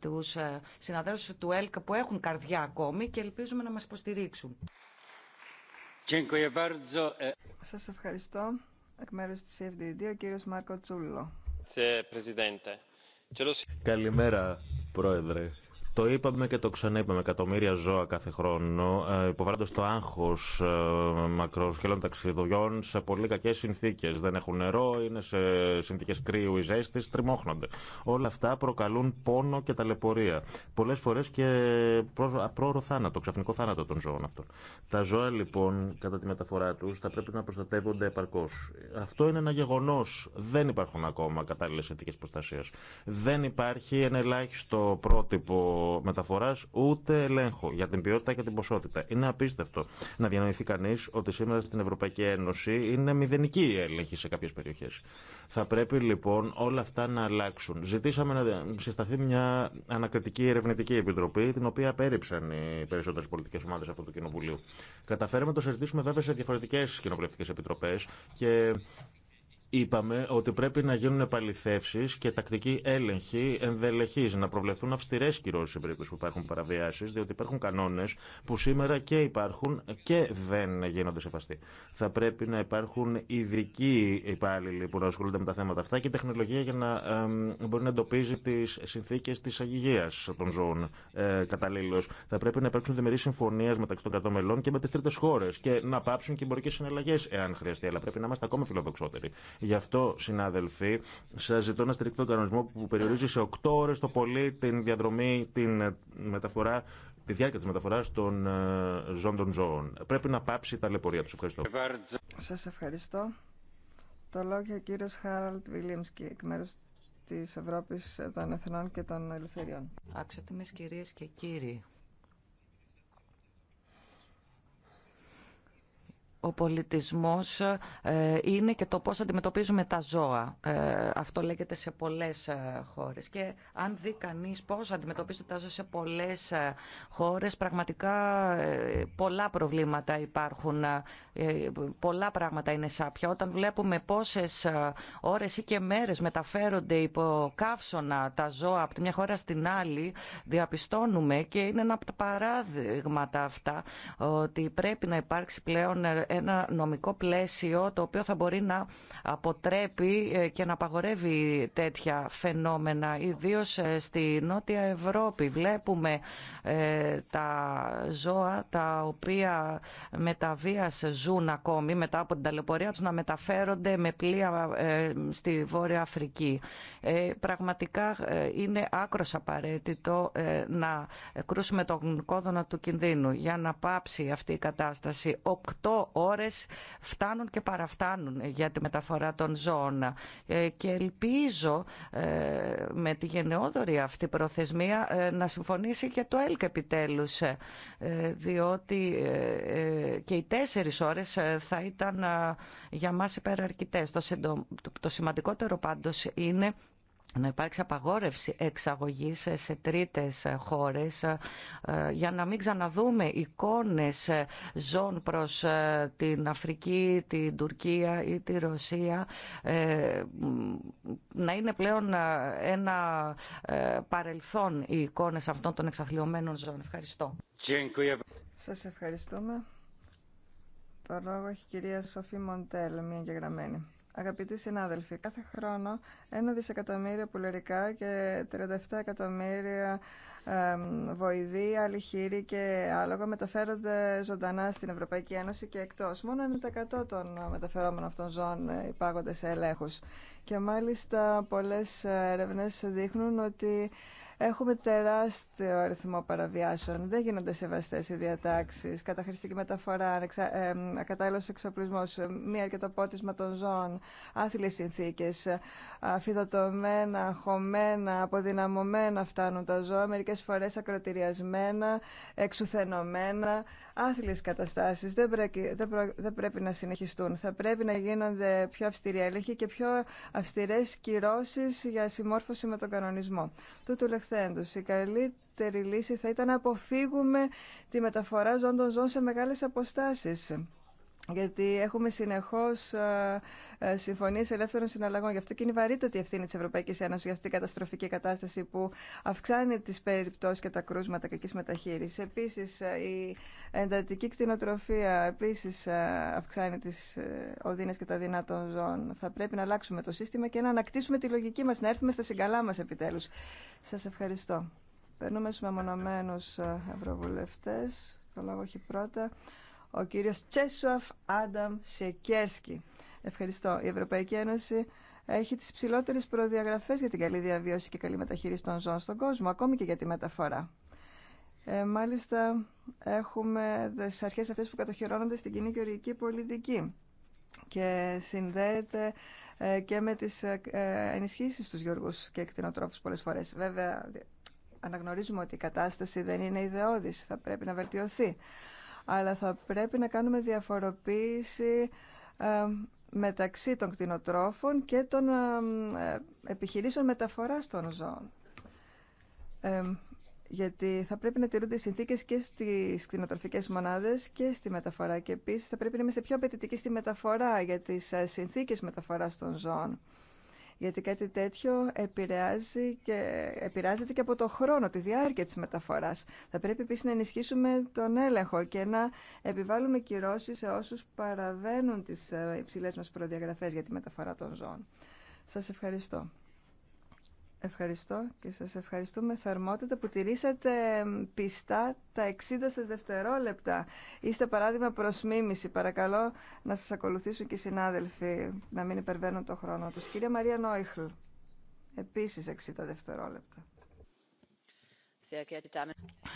τους ε, συναδέλφους του ΕΛΚΑ που έχουν καρδιά ακόμη και ελπίζουμε να μας υποστηρίξουν. Σας ευχαριστώ. Εκ μέρους της FDD, ο κύριος Μάρκο Τσούλο. Καλημέρα, Πρόεδρε. Το είπαμε και το ξαναείπαμε. Εκατομμύρια ζώα κάθε χρόνο ε, υποβάλλονται στο άγχο ε, μακροσκελών ταξιδογίων σε πολύ κακέ συνθήκε. Δεν έχουν νερό, είναι σε συνθήκε κρύου ή ζέστη, τριμώχνονται. Όλα αυτά προκαλούν πόνο και ταλαιπωρία. Πολλέ φορέ και πρόωρο θάνατο, ξαφνικό θάνατο των ζώων αυτών. Τα ζώα λοιπόν, κατά τη μεταφορά του, θα πρέπει να προστατεύονται επαρκώ. Αυτό είναι ένα γεγονό. Δεν υπάρχουν ακόμα κατάλληλε συνθήκε προστασία. Δεν υπάρχει ένα ελάχιστο πρότυπο μεταφορά ούτε ελέγχο για την ποιότητα και την ποσότητα. Είναι απίστευτο να διανοηθεί κανεί ότι σήμερα στην Ευρωπαϊκή Ένωση είναι μηδενική η έλεγχη σε κάποιε περιοχέ. Θα πρέπει λοιπόν όλα αυτά να αλλάξουν. Ζητήσαμε να συσταθεί μια ανακριτική ερευνητική επιτροπή, την οποία απέρριψαν οι περισσότερε πολιτικέ ομάδε αυτού του κοινοβουλίου. Καταφέραμε να το συζητήσουμε βέβαια σε διαφορετικέ κοινοβουλευτικέ επιτροπέ και Είπαμε ότι πρέπει να γίνουν επαληθεύσει και τακτική έλεγχη ενδελεχή, να προβλεφθούν αυστηρέ κυρώσει σε περίπτωση που υπάρχουν παραβιάσει, διότι υπάρχουν κανόνε που σήμερα και υπάρχουν και δεν γίνονται σεβαστοί. Θα πρέπει να υπάρχουν ειδικοί υπάλληλοι που να ασχολούνται με τα θέματα αυτά και τεχνολογία για να μπορεί να εντοπίζει τι συνθήκε τη αγυγία των ζώων ε, καταλήλω. Θα πρέπει να υπάρξουν διμερεί συμφωνίε μεταξύ των κρατών μελών και με τι τρίτε χώρε και να πάψουν και συναλλαγέ εάν χρειαστεί, αλλά πρέπει να είμαστε ακόμα φιλοδοξότεροι. Γι' αυτό, συνάδελφοι, σα ζητώ να στηρίξετε τον κανονισμό που περιορίζει σε 8 ώρε το πολύ την διαδρομή, την ε, μεταφορά τη διάρκεια τη μεταφορά των ε, ζώων των ζώων. Πρέπει να πάψει η ταλαιπωρία του. Ευχαριστώ. Σα ευχαριστώ. Το λόγιο κύριο Χάραλτ Βίλιαμσκι, εκ μέρου τη Ευρώπη των Εθνών και των Ελευθεριών. Άξιοι κυρίε και κύριοι, ο πολιτισμός ε, είναι και το πώς αντιμετωπίζουμε τα ζώα. Ε, αυτό λέγεται σε πολλές ε, χώρες. Και αν δει κανείς πώς αντιμετωπίζουν τα ζώα σε πολλές χώρες, πραγματικά πολλά προβλήματα υπάρχουν, πολλά πράγματα είναι σάπια. Όταν βλέπουμε πόσες ώρες ή και μέρες μεταφέρονται υπό καύσωνα τα ζώα από τη μια χώρα στην άλλη, διαπιστώνουμε και είναι ένα από τα παράδειγματα αυτά ότι πρέπει να υπάρξει πλέον ένα νομικό πλαίσιο το οποίο θα μπορεί να αποτρέπει ε, και να απαγορεύει τέτοια φαινόμενα, ιδίως ε, στη Νότια Ευρώπη. Βλέπουμε ε, τα ζώα τα οποία με τα βίας ζουν ακόμη μετά από την ταλαιπωρία τους να μεταφέρονται με πλοία στη Βόρεια Αφρική. Πραγματικά είναι άκρος απαραίτητο να κρούσουμε τον κόδωνα του κινδύνου για να πάψει αυτή η κατάσταση. Οκτώ ώρες φτάνουν και παραφτάνουν για τη μεταφορά των ζώων. Ε, και ελπίζω ε, με τη γενναιόδορη αυτή προθεσμία ε, να συμφωνήσει και το ΕΛΚ επιτέλους, διότι και οι τέσσερις ώρες θα ήταν για μας υπεραρκητές. Το σημαντικότερο πάντως είναι να υπάρξει απαγόρευση εξαγωγής σε τρίτες χώρες ε, για να μην ξαναδούμε εικόνες ε, ζών προς ε, την Αφρική, την Τουρκία ή τη Ρωσία να είναι πλέον ένα παρελθόν οι εικόνες αυτών των εξαθλειωμένων ζών. Ευχαριστώ. Σας ευχαριστούμε. Το λόγο έχει η κυρία Σοφή Μοντέλ, μια εγγεγραμμένη. Αγαπητοί συνάδελφοι, κάθε χρόνο ένα δισεκατομμύριο πουλερικά και 37 εκατομμύρια ε, βοηδοί, χείροι και άλογα μεταφέρονται ζωντανά στην Ευρωπαϊκή Ένωση και εκτός. Μόνο 1% των μεταφερόμενων αυτών ζώων υπάγονται σε ελέγχους. Και μάλιστα πολλές έρευνες δείχνουν ότι Έχουμε τεράστιο αριθμό παραβιάσεων. Δεν γίνονται σεβαστέ οι διατάξει. Καταχρηστική μεταφορά, ακατάλληλο ε, εξοπλισμό, ε, μη αρκετό πότισμα των ζώων, άθλιε συνθήκε, ε, αφιδατωμένα, χωμένα, αποδυναμωμένα φτάνουν τα ζώα, μερικέ φορέ ακροτηριασμένα, εξουθενωμένα, άθλιε καταστάσει. Δεν, δεν, δεν πρέπει να συνεχιστούν. Θα πρέπει να γίνονται πιο αυστηροί έλεγχοι και πιο αυστηρέ κυρώσει για συμμόρφωση με τον κανονισμό. Τούτου η καλύτερη λύση θα ήταν να αποφύγουμε τη μεταφορά ζώντων ζώων σε μεγάλες αποστάσεις γιατί έχουμε συνεχώ ε, ε, συμφωνίε ελεύθερων συναλλαγών. Γι' αυτό και είναι βαρύτατη η ευθύνη τη Ευρωπαϊκή Ένωση για αυτή την καταστροφική κατάσταση που αυξάνει τι περιπτώσει και τα κρούσματα κακή μεταχείριση. Επίση, ε, η εντατική κτηνοτροφία επίση αυξάνει τι οδύνε και τα δεινά των ζώων. Θα πρέπει να αλλάξουμε το σύστημα και να ανακτήσουμε τη λογική μα, να έρθουμε στα συγκαλά μα επιτέλου. Σα ευχαριστώ. Περνούμε στου μεμονωμένου ευρωβουλευτέ. Το λόγο έχει πρώτα ο κύριος Τσέσουαφ Άνταμ Σεκέρσκι. Ευχαριστώ. Η Ευρωπαϊκή Ένωση έχει τις ψηλότερες προδιαγραφές για την καλή διαβίωση και καλή μεταχείριση των ζώων στον κόσμο, ακόμη και για τη μεταφορά. Ε, μάλιστα, έχουμε τις αρχές αυτές που κατοχυρώνονται στην κοινή και πολιτική και συνδέεται ε, και με τις ε, ενισχύσεις στους γεωργούς και εκτινοτρόφους πολλές φορές. Βέβαια, αναγνωρίζουμε ότι η κατάσταση δεν είναι ιδεώδης, θα πρέπει να βελτιωθεί αλλά θα πρέπει να κάνουμε διαφοροποίηση ε, μεταξύ των κτηνοτρόφων και των ε, ε, επιχειρήσεων μεταφοράς των ζώων. γιατί θα πρέπει να τηρούνται οι συνθήκες και στις κτηνοτροφικές μονάδες και στη μεταφορά. Και επίσης θα πρέπει να είμαστε πιο απαιτητικοί στη μεταφορά για τις συνθήκες μεταφοράς των ζώων γιατί κάτι τέτοιο επηρεάζει και, επηρεάζεται και από το χρόνο, τη διάρκεια της μεταφοράς. Θα πρέπει επίσης να ενισχύσουμε τον έλεγχο και να επιβάλλουμε κυρώσεις σε όσους παραβαίνουν τις ε, υψηλές μας προδιαγραφές για τη μεταφορά των ζώων. Σας ευχαριστώ. Ευχαριστώ και σας ευχαριστούμε θερμότητα που τηρήσατε πιστά τα 60 σας δευτερόλεπτα. Είστε παράδειγμα προς μίμηση. Παρακαλώ να σας ακολουθήσουν και οι συνάδελφοι να μην υπερβαίνουν το χρόνο τους. Κυρία Μαρία Νόιχλ, επίσης 60 δευτερόλεπτα.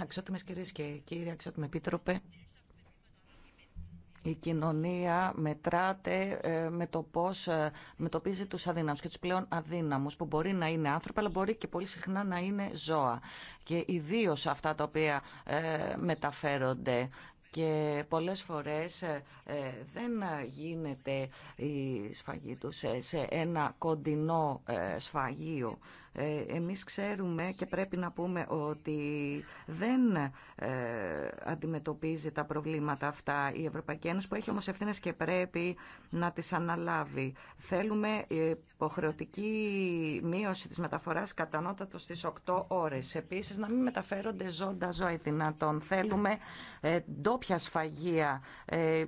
Αξιότιμες κυρίες και κύριοι, αξιότιμη επίτροπε, η κοινωνία μετράται ε, με το πώς ε, μετοπίζει τους αδύναμους και τους πλέον αδύναμους που μπορεί να είναι άνθρωποι αλλά μπορεί και πολύ συχνά να είναι ζώα και ιδίω αυτά τα οποία ε, μεταφέρονται και πολλές φορές δεν γίνεται η σφαγή τους σε ένα κοντινό σφαγείο ε, εμείς ξέρουμε και πρέπει να πούμε ότι δεν ε, αντιμετωπίζει τα προβλήματα αυτά η Ευρωπαϊκή Ένωση που έχει όμως ευθύνε και πρέπει να τις αναλάβει. Θέλουμε υποχρεωτική μείωση της μεταφοράς κατανότατο στις 8 ώρες. Επίσης να μην μεταφέρονται ζώντα ζώα δυνατόν. Θέλουμε ε, ντόπια σφαγεία,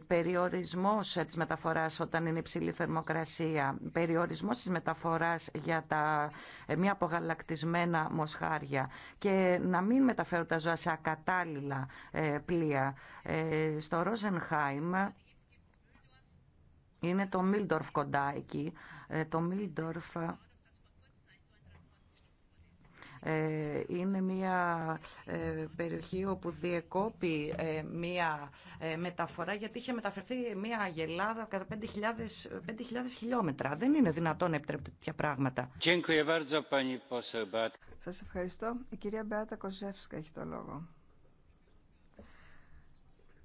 περιορισμός της μεταφοράς όταν είναι υψηλή θερμοκρασία, περιορισμός της μεταφοράς για τα, από γαλακτισμένα μοσχάρια και να μην μεταφέρουν τα ζώα σε ακατάλληλα ε, πλοία. Ε, στο Ρόζενχάιμ είναι το Μίλντορφ κοντά εκεί. Ε, το Μίλντορφ ε, είναι μια ε, περιοχή όπου διεκόπη ε, μια μεταφορά γιατί είχε μεταφερθεί μια γελάδα κατά 5.000, 5.000 χιλιόμετρα. Δεν είναι δυνατόν να επιτρέπεται τέτοια πράγματα. Σας ευχαριστώ. Η κυρία Μπεάτα Κοζεύσκα έχει το λόγο.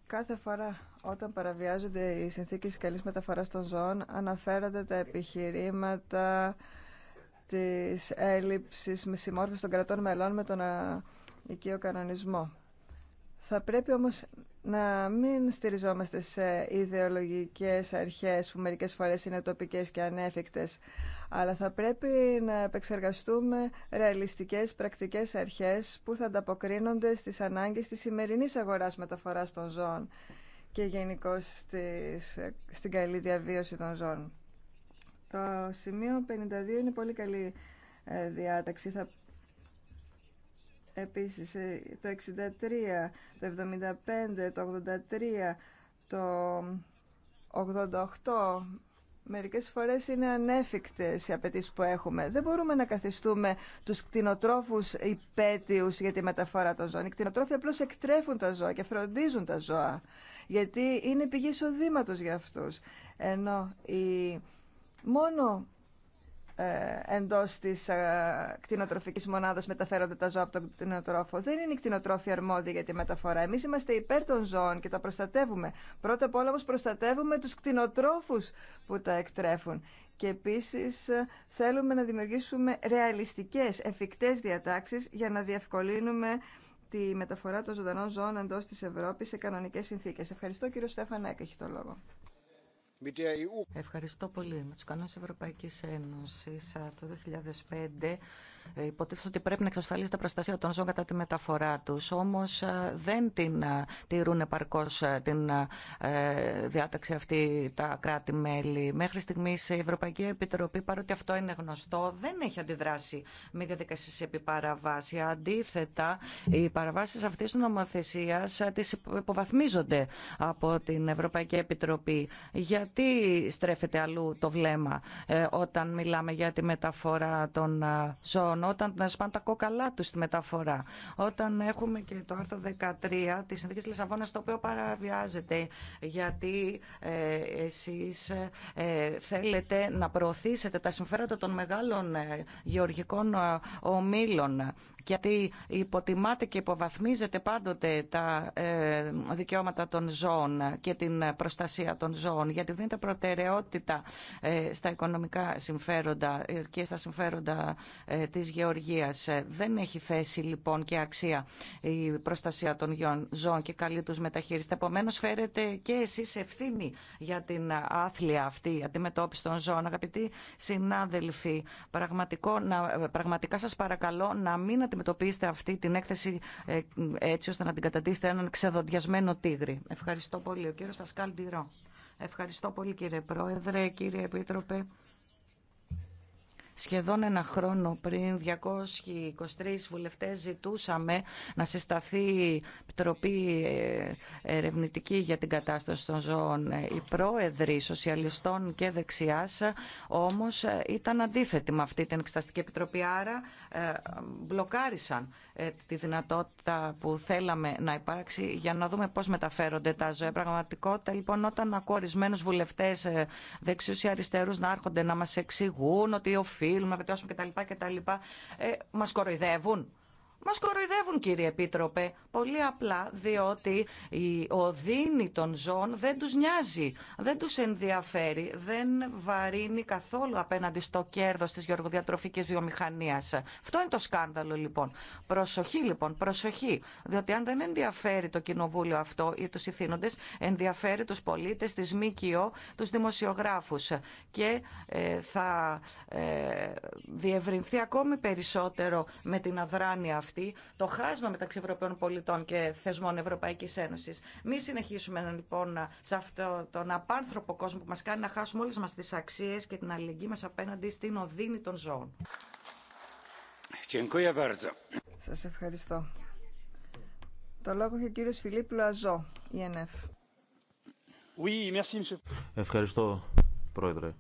Κάθε φορά όταν παραβιάζονται οι συνθήκες καλής μεταφοράς των ζώων αναφέρονται τα επιχειρήματα της έλλειψης συμμόρφωση των κρατών μελών με τον οικείο κανονισμό. Θα πρέπει όμως να μην στηριζόμαστε σε ιδεολογικές αρχές που μερικές φορές είναι τοπικές και ανέφικτες, αλλά θα πρέπει να επεξεργαστούμε ρεαλιστικές πρακτικές αρχές που θα ανταποκρίνονται στις ανάγκες της σημερινής αγοράς μεταφοράς των ζώων και γενικώ στην καλή διαβίωση των ζώων. Το σημείο 52 είναι πολύ καλή ε, διάταξη. Θα... Επίσης, ε, το 63, το 75, το 83, το 88... Μερικές φορές είναι ανέφικτες οι απαιτήσει που έχουμε. Δεν μπορούμε να καθιστούμε τους κτηνοτρόφους υπέτειους για τη μεταφορά των ζώων. Οι κτηνοτρόφοι απλώς εκτρέφουν τα ζώα και φροντίζουν τα ζώα, γιατί είναι πηγή εισοδήματο για αυτούς. Ενώ οι Μόνο ε, εντό τη ε, κτηνοτροφική μονάδα μεταφέρονται τα ζώα από τον κτηνοτρόφο. Δεν είναι οι κτηνοτρόφοι αρμόδιοι για τη μεταφορά. Εμεί είμαστε υπέρ των ζώων και τα προστατεύουμε. Πρώτα απ' όλα όμω προστατεύουμε του κτηνοτρόφου που τα εκτρέφουν. Και επίση ε, θέλουμε να δημιουργήσουμε ρεαλιστικέ, εφικτέ διατάξει για να διευκολύνουμε τη μεταφορά των ζωντανών ζώων εντό τη Ευρώπη σε κανονικέ συνθήκε. Ευχαριστώ κύριο Στέφανα, έχει το λόγο. Ευχαριστώ πολύ. Με του κανόνε Ευρωπαϊκή Ένωση από το 2005 ε, υποτίθεται ότι πρέπει να εξασφαλίζεται προστασία των ζώων κατά τη μεταφορά του. Όμω ε, δεν την ε, τηρούν επαρκώ την διάταξη αυτή τα κράτη-μέλη. Μέχρι στιγμή η Ευρωπαϊκή Επιτροπή, παρότι αυτό είναι γνωστό, δεν έχει αντιδράσει με διαδικασίε επί παραβάση. Αντίθετα, οι παραβάσει αυτή τη νομοθεσία τι υποβαθμίζονται από την Ευρωπαϊκή Επιτροπή. Γιατί στρέφεται αλλού το βλέμμα όταν μιλάμε για τη μεταφορά των ζώων Λοιπόν, όταν να σπάνε τα κόκαλά του στη μεταφορά. Όταν έχουμε και το άρθρο 13 τη συνθήκη Λισαβόνα, το οποίο παραβιάζεται, γιατί ε, εσεί ε, θέλετε να προωθήσετε τα συμφέροντα των μεγάλων ε, γεωργικών ε, ομίλων γιατί υποτιμάτε και υποβαθμίζετε πάντοτε τα δικαιώματα των ζώων και την προστασία των ζώων, γιατί δίνετε προτεραιότητα στα οικονομικά συμφέροντα και στα συμφέροντα τη της γεωργίας. Ε, δεν έχει θέση λοιπόν και αξία η προστασία των ζώων και καλή τους μεταχείριση. Επομένω, φέρετε και εσείς ευθύνη για την άθλια αυτή αντιμετώπιση των ζώων. Αγαπητοί συνάδελφοι, πραγματικό, να, πραγματικά σας παρακαλώ να μην αντιμετωπίσετε αυτή την έκθεση ε, έτσι ώστε να την κατατίσετε έναν ξεδοντιασμένο τίγρη. Ευχαριστώ πολύ. Ο κύριος Πασκάλ Ντυρό. Ευχαριστώ πολύ κύριε Πρόεδρε, κύριε Επίτροπε. Σχεδόν ένα χρόνο πριν, 223 βουλευτές ζητούσαμε να συσταθεί επιτροπή ε, ερευνητική για την κατάσταση των ζώων. Οι πρόεδροι σοσιαλιστών και δεξιάς όμως ήταν αντίθετοι με αυτή την εξεταστική επιτροπή, άρα ε, μπλοκάρισαν ε, τη δυνατότητα που θέλαμε να υπάρξει για να δούμε πώς μεταφέρονται τα ζώα. Πραγματικότητα λοιπόν όταν ακούω ορισμένου βουλευτές δεξιούς ή αριστερούς να έρχονται να μας εξηγούν ότι οφείλουν οφείλουμε να βελτιώσουμε κτλ. κτλ. Ε, μα κοροϊδεύουν. Μα κοροϊδεύουν κύριε Επίτροπε, πολύ απλά διότι η οδύνη των ζώων δεν του νοιάζει, δεν του ενδιαφέρει, δεν βαρύνει καθόλου απέναντι στο κέρδος της γεωργοδιατροφική βιομηχανία. Αυτό είναι το σκάνδαλο λοιπόν. Προσοχή λοιπόν, προσοχή, διότι αν δεν ενδιαφέρει το κοινοβούλιο αυτό ή του ηθήνοντε, ενδιαφέρει του πολίτε, τις ΜΚΟ, του δημοσιογράφου. και ε, θα ε, διευρυνθεί ακόμη περισσότερο με την αδράνεια αυτή το χάσμα μεταξύ Ευρωπαίων πολιτών και θεσμών Ευρωπαϊκή Ένωση. Μη συνεχίσουμε λοιπόν σε αυτό τον απάνθρωπο κόσμο που μα κάνει να χάσουμε όλε μα τι αξίε και την αλληλεγγύη μα απέναντι στην οδύνη των ζώων. Σα ευχαριστώ. Το λόγο έχει ο κύριο Φιλίπ Λουαζό, ΙΕΝΕΦ. E ευχαριστώ, Πρόεδρε.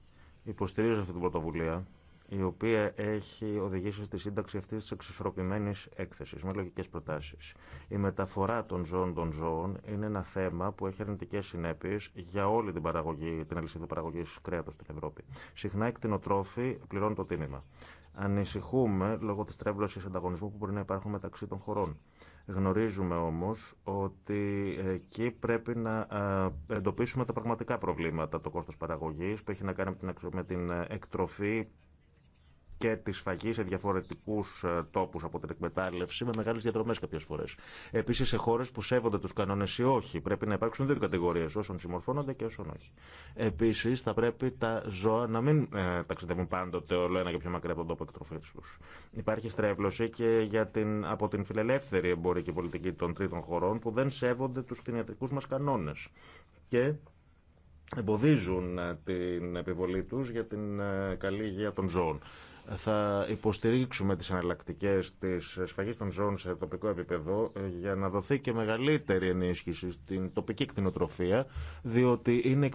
Υποστηρίζω αυτή την πρωτοβουλία η οποία έχει οδηγήσει στη σύνταξη αυτής της εξισορροπημένης έκθεσης με λογικές προτάσεις. Η μεταφορά των ζώων των ζώων είναι ένα θέμα που έχει αρνητικέ συνέπειες για όλη την, παραγωγή, την αλυσίδα παραγωγής κρέατος στην Ευρώπη. Συχνά εκτινοτρόφοι πληρώνουν το τίμημα. Ανησυχούμε λόγω της τρέβλωσης ανταγωνισμού που μπορεί να υπάρχουν μεταξύ των χωρών. Γνωρίζουμε όμως ότι εκεί πρέπει να ε, εντοπίσουμε τα πραγματικά προβλήματα, το κόστος παραγωγής που έχει να κάνει με την εκτροφή και τη σφαγή σε διαφορετικού ε, τόπου από την εκμετάλλευση με μεγάλε διαδρομέ κάποιε φορέ. Επίση σε χώρε που σέβονται του κανόνε ή όχι. Πρέπει να υπάρξουν δύο κατηγορίε, όσων συμμορφώνονται και όσων όχι. Επίση θα πρέπει τα ζώα να μην ε, ταξιδεύουν πάντοτε όλο ένα και πιο μακριά από τον τόπο εκτροφή του. Υπάρχει στρέβλωση και για την, από την φιλελεύθερη εμπορική πολιτική των τρίτων χωρών που δεν σέβονται του κτηνιατρικού μα κανόνε. Και εμποδίζουν ε, την επιβολή τους για την ε, καλή υγεία των ζώων. Θα υποστηρίξουμε τις εναλλακτικέ της σφαγής των ζώων σε τοπικό επίπεδο για να δοθεί και μεγαλύτερη ενίσχυση στην τοπική κτηνοτροφία, διότι είναι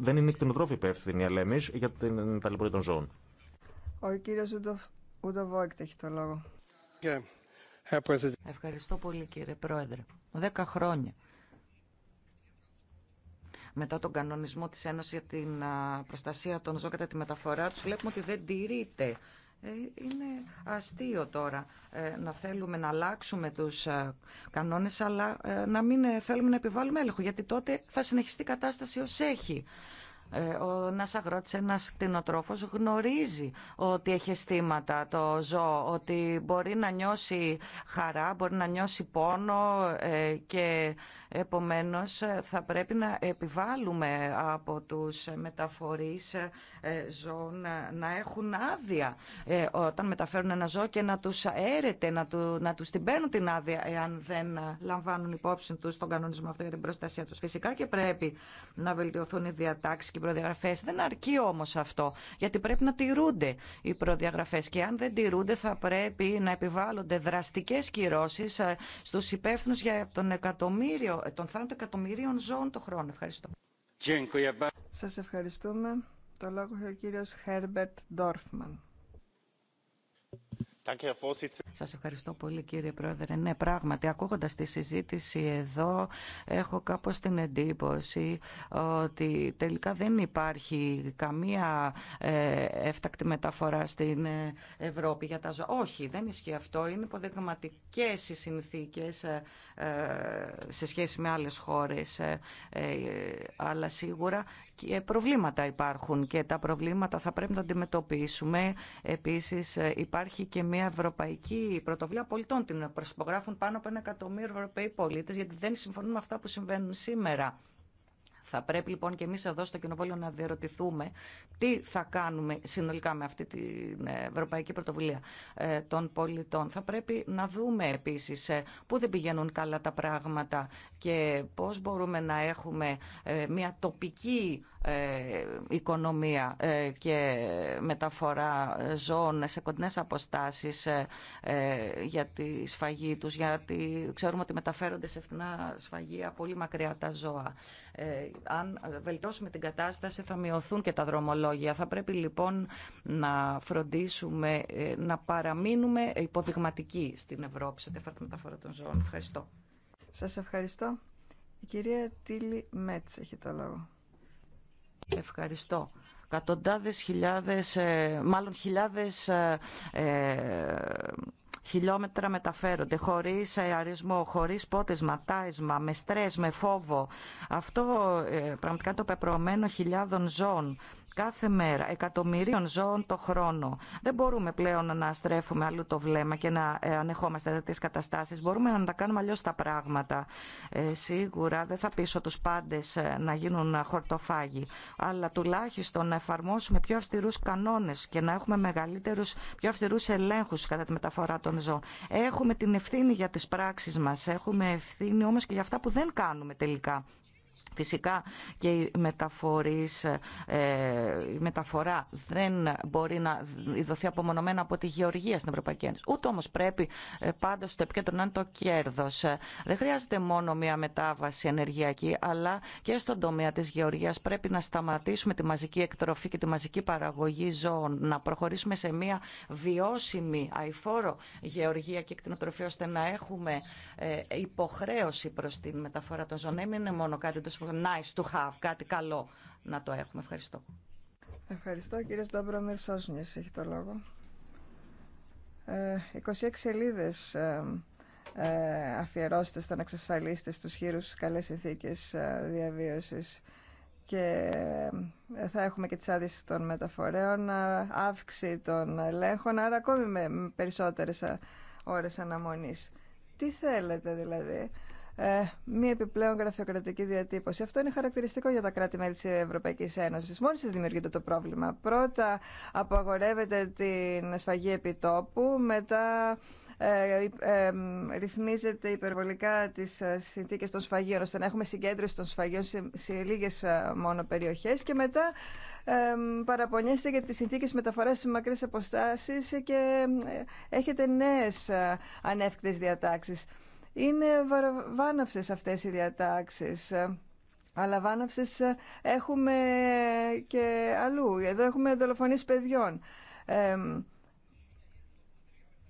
δεν είναι κτηνοτρόφοι υπεύθυνοι, αλλά εμείς, για την ταλαιπωρία των ζώων. Ο κύριος Ευχαριστώ πολύ κύριε Πρόεδρε. Δέκα χρόνια μετά τον κανονισμό της Ένωσης για την προστασία των ζώων κατά τη μεταφορά τους βλέπουμε ότι δεν τηρείται. Ε, είναι αστείο τώρα ε, να θέλουμε να αλλάξουμε τους κανόνες αλλά ε, να μην θέλουμε να επιβάλλουμε έλεγχο γιατί τότε θα συνεχιστεί η κατάσταση ως έχει ο ένα αγρότη, ένα κτηνοτρόφος γνωρίζει ότι έχει αισθήματα το ζώο, ότι μπορεί να νιώσει χαρά, μπορεί να νιώσει πόνο και Επομένως, θα πρέπει να επιβάλλουμε από τους μεταφορείς ε, ζώων να έχουν άδεια ε, όταν μεταφέρουν ένα ζώο και να τους αέρεται, να, του, να τους την παίρνουν την άδεια εάν δεν λαμβάνουν υπόψη τους στον κανονισμό αυτό για την προστασία τους. Φυσικά και πρέπει να βελτιωθούν οι διατάξεις και οι προδιαγραφές. Δεν αρκεί όμως αυτό, γιατί πρέπει να τηρούνται οι προδιαγραφές και αν δεν τηρούνται θα πρέπει να επιβάλλονται δραστικές κυρώσεις ε, στους υπεύθυνους για τον εκατομμύριο των θάνατων εκατομμυρίων ζώων το χρόνο. Ευχαριστώ. Σας ευχαριστούμε. Το λόγο έχει ο κύριος Herbert Dorfman. Σας ευχαριστώ πολύ κύριε Πρόεδρε. Ναι, πράγματι, ακούγοντας τη συζήτηση εδώ, έχω κάπως την εντύπωση ότι τελικά δεν υπάρχει καμία ε, έφτακτη μεταφορά στην ε, Ευρώπη για τα ζώα. Όχι, δεν ισχύει αυτό. Είναι υποδεγματικές οι συνθήκες ε, σε σχέση με άλλες χώρες. Αλλά σίγουρα προβλήματα υπάρχουν και τα προβλήματα θα πρέπει να αντιμετωπίσουμε. Επίσης ε, υπάρχει και μια ευρωπαϊκή πρωτοβουλία πολιτών, την προσυπογράφουν πάνω από ένα εκατομμύριο Ευρωπαίοι πολίτες γιατί δεν συμφωνούν με αυτά που συμβαίνουν σήμερα. Θα πρέπει λοιπόν και εμείς εδώ στο Κοινοβούλιο να διερωτηθούμε τι θα κάνουμε συνολικά με αυτή την ε, Ευρωπαϊκή Πρωτοβουλία ε, των πολιτών. Θα πρέπει να δούμε επίσης πού δεν πηγαίνουν καλά τα πράγματα και πώς μπορούμε να έχουμε μια τοπική ε, οικονομία ε, και μεταφορά ζώων σε κοντινές αποστάσεις ε, για τη σφαγή τους, γιατί ξέρουμε ότι μεταφέρονται σε φθηνά σφαγεία πολύ μακριά τα ζώα. αν βελτιώσουμε την κατάσταση θα μειωθούν και τα δρομολόγια. Θα πρέπει λοιπόν να φροντίσουμε να παραμείνουμε υποδειγματικοί στην Ευρώπη σε τη μεταφορά των ζώων. Ευχαριστώ. Σας ευχαριστώ. Η κυρία Τίλη Μέτς έχει το λόγο. Ευχαριστώ. Κατοντάδες χιλιάδες, ε, μάλλον χιλιάδες ε, ε, χιλιόμετρα μεταφέρονται χωρίς αερισμό, χωρίς πότεσμα, τάισμα, με στρες, με φόβο. Αυτό πραγματικά το πεπρωμένο χιλιάδων ζώων κάθε μέρα εκατομμυρίων ζώων το χρόνο. Δεν μπορούμε πλέον να στρέφουμε αλλού το βλέμμα και να ε, ανεχόμαστε τέτοιε καταστάσει. Μπορούμε να τα κάνουμε αλλιώ τα πράγματα. Ε, σίγουρα δεν θα πείσω τους πάντε ε, να γίνουν χορτοφάγοι, αλλά τουλάχιστον να εφαρμόσουμε πιο αυστηρούς κανόνε και να έχουμε μεγαλύτερου, πιο αυστηρούς ελέγχου κατά τη μεταφορά των ζώων. Έχουμε την ευθύνη για τι πράξει μα, έχουμε ευθύνη όμω και για αυτά που δεν κάνουμε τελικά. Φυσικά και η, μεταφορής, ε, η μεταφορά δεν μπορεί να δοθεί απομονωμένα από τη γεωργία στην Ευρωπαϊκή Ένωση. Ούτε όμως πρέπει ε, πάντα στο επικέντρο να είναι το κέρδος. Ε, δεν χρειάζεται μόνο μια μετάβαση ενεργειακή, αλλά και στον τομέα της γεωργίας πρέπει να σταματήσουμε τη μαζική εκτροφή και τη μαζική παραγωγή ζώων, να προχωρήσουμε σε μια βιώσιμη αηφόρο γεωργία και εκτροφή, ώστε να έχουμε υποχρέωση προς τη μεταφορά των ζώων. Δεν είναι μόνο κάτι nice to have, κάτι καλό να το έχουμε. Ευχαριστώ. Ευχαριστώ κύριε Στόμπρο Σόσνιες, έχει το λόγο. 26 ε, σελίδε ε, ε, αφιερώστε στο να εξασφαλίσετε στους χείρους καλές συνθήκες διαβίωσης και θα έχουμε και τις άδειες των μεταφορέων, αύξη των ελέγχων, άρα ακόμη με περισσότερες ώρες αναμονής. Τι θέλετε δηλαδή, ε, μία επιπλέον γραφειοκρατική διατύπωση. Αυτό είναι χαρακτηριστικό για τα κράτη-μέλη τη Ευρωπαϊκή Ένωση. Μόλι σα δημιουργείται το πρόβλημα. Πρώτα απαγορεύεται την σφαγή επιτόπου, μετά ε, ε, ε ρυθμίζεται υπερβολικά τις συνθήκε των σφαγείων ώστε να έχουμε συγκέντρωση των σφαγείων σε, σε λίγες μόνο περιοχέ και μετά παραπονιέστε για τι συνθήκε μεταφορά σε μακρές αποστάσει και έχετε νέε ανεύκτες διατάξει. Είναι βάναυσες αυτές οι διατάξεις. Αλλά βάναυσες ε, έχουμε και αλλού. Εδώ έχουμε δολοφονείς παιδιών.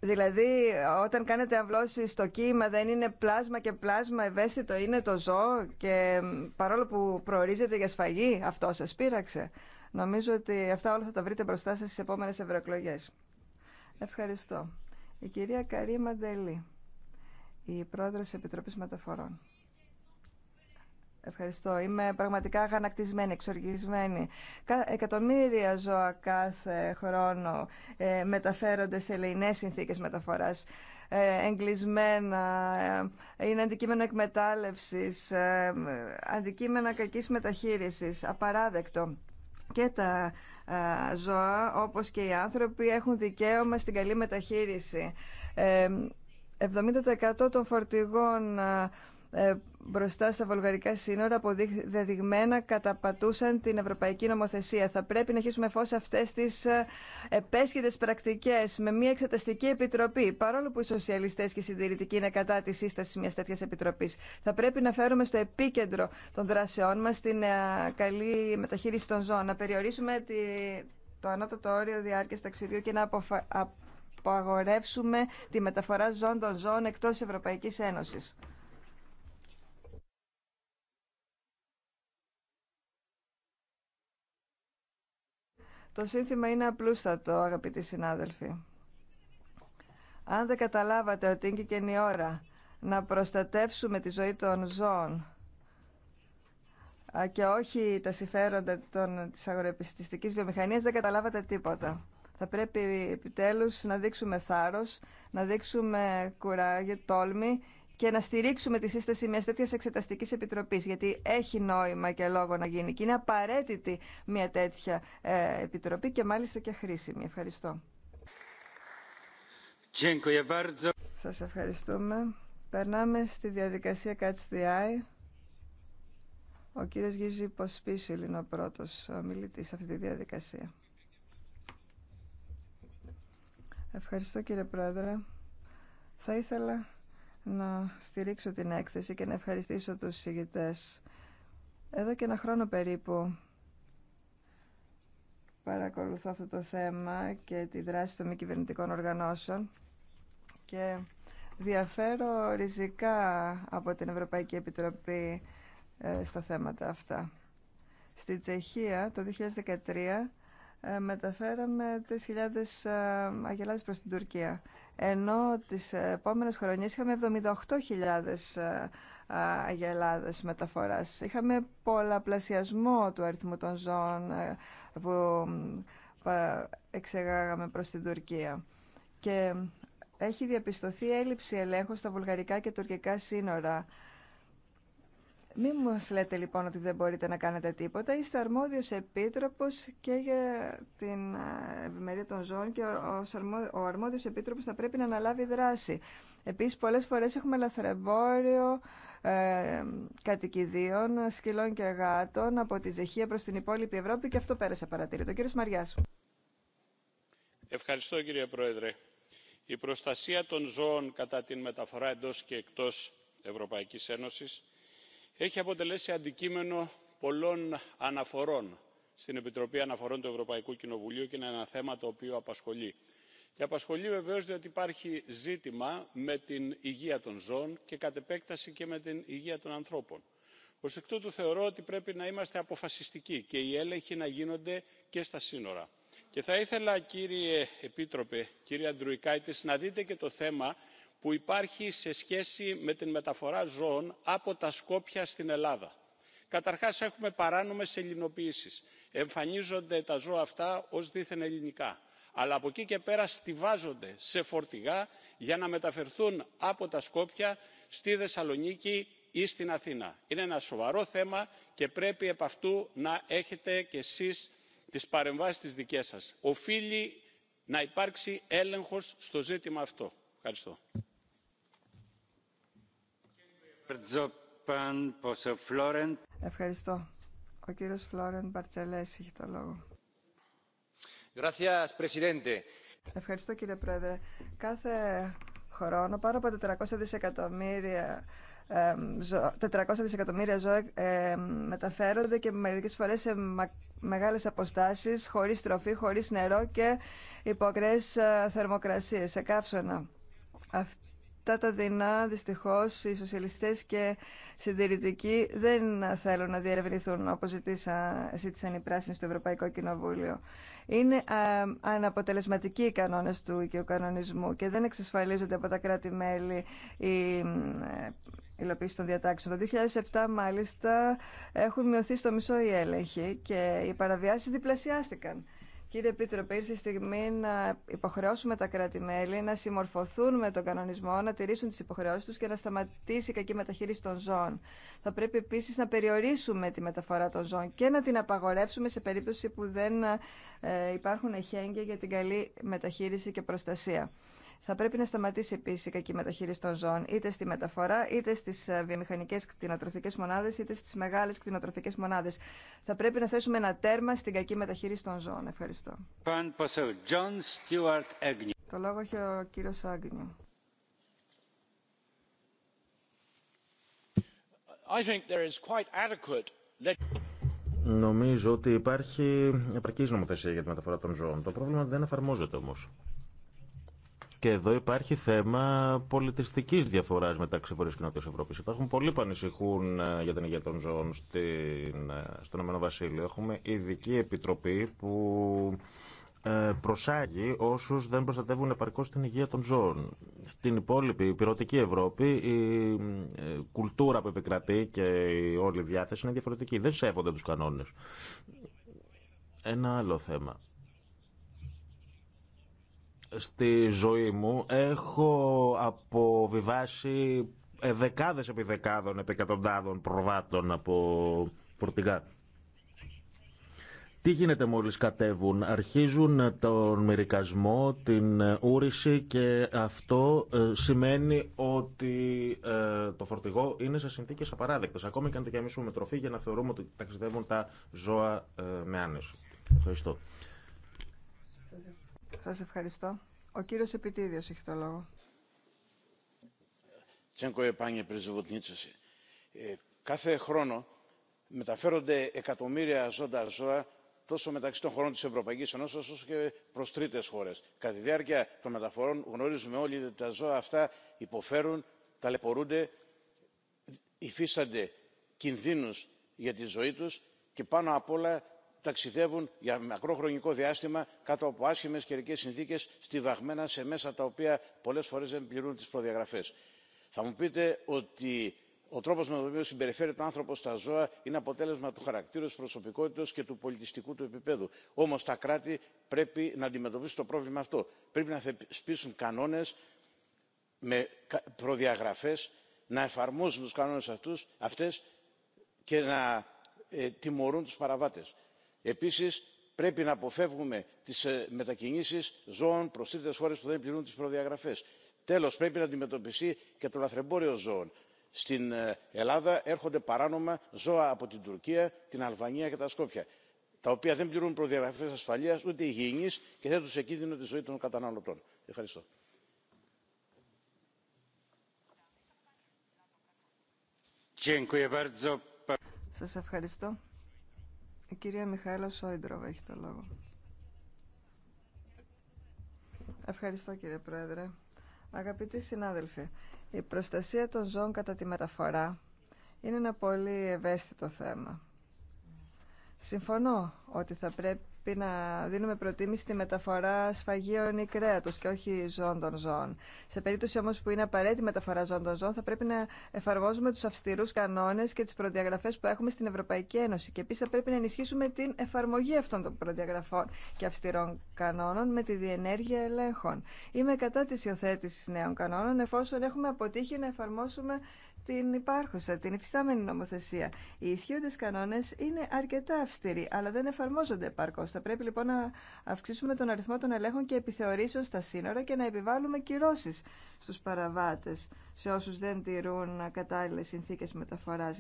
δηλαδή, όταν κάνετε αυλώσει στο κύμα δεν είναι πλάσμα και πλάσμα ευαίσθητο είναι το ζώο και παρόλο που προορίζεται για σφαγή, αυτό σας πείραξε. Νομίζω ότι αυτά όλα θα τα βρείτε μπροστά σας στις επόμενες ευρωεκλογές. Ευχαριστώ. Η κυρία Καρή Μαντελή η πρόεδρος της Επιτροπής Μεταφορών. Ευχαριστώ. Είμαι πραγματικά αγανακτισμένη, εξοργισμένη. Εκατομμύρια ζώα κάθε χρόνο ε, μεταφέρονται σε λεϊνές συνθήκες μεταφοράς. Ε, ε είναι αντικείμενα εκμετάλλευσης, ε, αντικείμενα κακής μεταχείρισης, απαράδεκτο. Και τα ζώα, όπως και οι άνθρωποι, έχουν δικαίωμα στην καλή μεταχείριση 70% των φορτηγών ε, ε, μπροστά στα βολγαρικά σύνορα δεδειγμένα καταπατούσαν την ευρωπαϊκή νομοθεσία. Θα πρέπει να χύσουμε φως αυτές τις ε, επέσχυντες πρακτικές με μια εξεταστική επιτροπή. Παρόλο που οι σοσιαλιστές και οι συντηρητικοί είναι κατά τη σύσταση μιας τέτοιας επιτροπής. Θα πρέπει να φέρουμε στο επίκεντρο των δράσεών μας την καλή μεταχείριση των ζώων. Να περιορίσουμε το ανώτατο όριο διάρκειας ταξιδιού και να αποφα αγορεύσουμε τη μεταφορά των ζώων εκτός Ευρωπαϊκής Ένωσης. Το σύνθημα είναι απλούστατο, αγαπητοί συνάδελφοι. Αν δεν καταλάβατε ότι είναι και, η ώρα να προστατεύσουμε τη ζωή των ζώων και όχι τα συμφέροντα τη της βιομηχανία, βιομηχανίας, δεν καταλάβατε τίποτα. Θα πρέπει επιτέλους να δείξουμε θάρρος, να δείξουμε κουράγιο, τόλμη και να στηρίξουμε τη σύσταση μιας τέτοιας εξεταστικής επιτροπής, γιατί έχει νόημα και λόγο να γίνει και είναι απαραίτητη μια τέτοια ε, επιτροπή και μάλιστα και χρήσιμη. Ευχαριστώ. Σας ευχαριστούμε. Περνάμε στη διαδικασία Catch the Eye. Ο κύριος Γίζη Ποσπίσιλ είναι ο πρώτος ομιλητής σε αυτή τη διαδικασία. Ευχαριστώ κύριε Πρόεδρε. Θα ήθελα να στηρίξω την έκθεση και να ευχαριστήσω τους συγητές. Εδώ και ένα χρόνο περίπου παρακολουθώ αυτό το θέμα και τη δράση των μη κυβερνητικών οργανώσεων και διαφέρω ριζικά από την Ευρωπαϊκή Επιτροπή ε, στα θέματα αυτά. Στη Τσεχία το 2013 ε, μεταφέραμε 3.000 ε, αγελάδες προς την Τουρκία. Ενώ τις επόμενες χρονιές είχαμε 78.000 ε, αγελάδες μεταφοράς. Είχαμε πολλαπλασιασμό του αριθμού των ζώων που εξεγάγαμε προς την Τουρκία. Και έχει διαπιστωθεί έλλειψη ελέγχου στα βουλγαρικά και τουρκικά σύνορα μην μας λέτε λοιπόν ότι δεν μπορείτε να κάνετε τίποτα. Είστε αρμόδιος επίτροπος και για την ε, ευημερία των ζώων και ο αρμόδιος επίτροπος θα πρέπει να αναλάβει δράση. Επίσης πολλές φορές έχουμε λαθρεμπόριο ε, κατοικιδίων, σκυλών και γάτων από τη Ζεχία προς την υπόλοιπη Ευρώπη και αυτό πέρασε παρατηρητό. Κύριος Μαριάς. Ευχαριστώ κύριε Πρόεδρε. Η προστασία των ζώων κατά την μεταφορά εντός και εκτός Ευρωπαϊκής Ένωσης έχει αποτελέσει αντικείμενο πολλών αναφορών στην επιτροπή αναφορών του ευρωπαϊκού κοινοβουλίου και είναι ένα θέμα το οποίο απασχολεί. και απασχολεί βεβαίω διότι υπάρχει ζήτημα με την υγεία των ζώων και κατ' επέκταση και με την υγεία των ανθρώπων. ω εκ τούτου θεωρώ ότι πρέπει να είμαστε αποφασιστικοί και οι έλεγχοι να γίνονται και στα σύνορα. και θα ήθελα κύριε επίτροπε κύριε Αντρουικάητη, να δείτε και το θέμα που υπάρχει σε σχέση με την μεταφορά ζώων από τα σκόπια στην ελλάδα. καταρχάς έχουμε παράνομες ελληνοποιήσεις εμφανίζονται τα ζώα αυτά ως δίθεν ελληνικά αλλά από εκεί και πέρα στηβάζονται σε φορτηγά για να μεταφερθούν από τα σκόπια στη θεσσαλονίκη ή στην αθήνα. είναι ένα σοβαρό θέμα και πρέπει επ' αυτού να έχετε κι εσείς τις παρεμβάσεις τις δικές σας. οφείλει να υπάρξει έλεγχος στο ζήτημα αυτό. ευχαριστώ. Ευχαριστώ. Ο κύριος Φλόρεν Μπαρτσελές έχει το λόγο. Ευχαριστώ κύριε Πρόεδρε. Κάθε χρόνο πάνω από 400 δισεκατομμύρια 400 δισεκατομμύρια ζώα μεταφέρονται και μερικέ φορέ σε μεγάλε αποστάσει χωρί τροφή, χωρί νερό και ακραίε θερμοκρασίες, σε καύσωνα. Αυτή τα τα δεινά δυστυχώς οι σοσιαλιστές και συντηρητικοί δεν θέλουν να διερευνηθούν όπως ζήτησαν, οι πράσινοι στο Ευρωπαϊκό Κοινοβούλιο. Είναι αναποτελεσματικοί οι κανόνες του οικειοκανονισμού και δεν εξασφαλίζονται από τα κράτη-μέλη η ε, υλοποίηση των διατάξεων. Το 2007 μάλιστα έχουν μειωθεί στο μισό οι έλεγχοι και οι παραβιάσεις διπλασιάστηκαν. Κύριε Επίτροπε, ήρθε η στιγμή να υποχρεώσουμε τα κράτη-μέλη να συμμορφωθούν με τον κανονισμό, να τηρήσουν τι υποχρεώσει του και να σταματήσει η κακή μεταχείριση των ζώων. Θα πρέπει επίση να περιορίσουμε τη μεταφορά των ζώων και να την απαγορεύσουμε σε περίπτωση που δεν ε, υπάρχουν εχέγγυα για την καλή μεταχείριση και προστασία. Θα πρέπει να σταματήσει επίση η κακή μεταχείριση των ζώων, είτε στη μεταφορά, είτε στι ε, βιομηχανικέ κτηνοτροφικέ μονάδε, είτε στι μεγάλε κτηνοτροφικέ μονάδε. Θα πρέπει να θέσουμε ένα τέρμα στην κακή μεταχείριση των ζώων. Ευχαριστώ. Το λόγο έχει ο κύριο Άγνιου. I think there is quite adequate... Νομίζω ότι υπάρχει επαρκή νομοθεσία για τη μεταφορά των ζώων. Το πρόβλημα δεν εφαρμόζεται όμω. Και εδώ υπάρχει θέμα πολιτιστική διαφορά μεταξύ Βορρά και Ευρώπη. Υπάρχουν πολλοί που ανησυχούν ε, για την υγεία των ζώων στην, ε, στον Ηνωμένο Βασίλειο. Έχουμε ειδική επιτροπή που ε, προσάγει όσου δεν προστατεύουν επαρκώ την υγεία των ζώων. Στην υπόλοιπη πυρωτική Ευρώπη η κουλτούρα που επικρατεί και η όλη διάθεση είναι διαφορετική. Δεν σέβονται του κανόνε. Ένα άλλο θέμα στη ζωή μου έχω αποβιβάσει ε, δεκάδες επί δεκάδων, επί εκατοντάδων προβάτων από φορτηγά. Τι γίνεται μόλις κατέβουν. Αρχίζουν τον μερικασμό, την ε, ούρηση και αυτό ε, σημαίνει ότι το φορτηγό είναι σε συνθήκες απαράδεκτες. Ακόμη και αν το γεμίσουμε με τροφή για να θεωρούμε ότι ταξιδεύουν τα ζώα με άνεση. Ευχαριστώ. Σας ευχαριστώ. Ο κύριος Επιτίδιος έχει το λόγο. Ε, κάθε χρόνο μεταφέρονται εκατομμύρια ζώντα ζώα τόσο μεταξύ των χωρών της Ευρωπαϊκής Ενώσεως όσο και προς τρίτες χώρες. Κατά τη διάρκεια των μεταφορών γνωρίζουμε όλοι ότι τα ζώα αυτά υποφέρουν, ταλαιπωρούνται, υφίστανται κινδύνους για τη ζωή τους και πάνω απ' όλα ταξιδεύουν για μακροχρονικό διάστημα κάτω από άσχημε καιρικέ συνθήκε στιβαγμένα σε μέσα τα οποία πολλέ φορέ δεν πληρούν τι προδιαγραφέ. θα μου πείτε ότι ο τρόπο με τον οποίο συμπεριφέρει τον άνθρωπο στα ζώα είναι αποτέλεσμα του χαρακτήρα τη προσωπικότητα και του πολιτιστικού του επίπεδου. όμω τα κράτη πρέπει να αντιμετωπίσουν το πρόβλημα αυτό. πρέπει να θεσπίσουν κανόνε με προδιαγραφέ να εφαρμόζουν του κανόνε αυτέ και να ε, τιμωρούν του παραβάτε επίσης πρέπει να αποφεύγουμε τις ε, μετακινήσεις ζώων προς τρίτες χώρες που δεν πληρούν τις προδιαγραφές. τέλος πρέπει να αντιμετωπιστεί και το λαθρεμπόριο ζώων. στην ε, ελλάδα έρχονται παράνομα ζώα από την τουρκία την αλβανία και τα σκόπια τα οποία δεν πληρούν προδιαγραφές ασφαλείας ούτε υγιεινής και θέτουν σε κίνδυνο τη ζωή των καταναλωτών. ευχαριστώ. ευχαριστώ. Η κυρία Μιχαήλα Σόιντροβα έχει το λόγο. Ευχαριστώ κύριε Πρόεδρε. Αγαπητοί συνάδελφοι, η προστασία των ζώων κατά τη μεταφορά είναι ένα πολύ ευαίσθητο θέμα. Συμφωνώ ότι θα πρέπει πρέπει να δίνουμε προτίμηση στη μεταφορά σφαγείων ή κρέατος και όχι ζώων των ζώων. Σε περίπτωση όμω που είναι απαραίτητη μεταφορά ζώων των ζώων θα πρέπει να εφαρμόζουμε του αυστηρού κανόνε και τι προδιαγραφέ που έχουμε στην Ευρωπαϊκή Ένωση και επίση θα πρέπει να ενισχύσουμε την εφαρμογή αυτών των προδιαγραφών και αυστηρών κανόνων με τη διενέργεια ελέγχων. Είμαι κατά τη υιοθέτηση νέων κανόνων εφόσον έχουμε αποτύχει να εφαρμόσουμε την υπάρχουσα, την υφιστάμενη νομοθεσία. Οι ισχύοντε κανόνε είναι αρκετά αυστηροί, αλλά δεν εφαρμόζονται επαρκώ. Θα πρέπει λοιπόν να αυξήσουμε τον αριθμό των ελέγχων και επιθεωρήσεων στα σύνορα και να επιβάλλουμε κυρώσει στου παραβάτε, σε όσου δεν τηρούν κατάλληλε συνθήκε μεταφορά.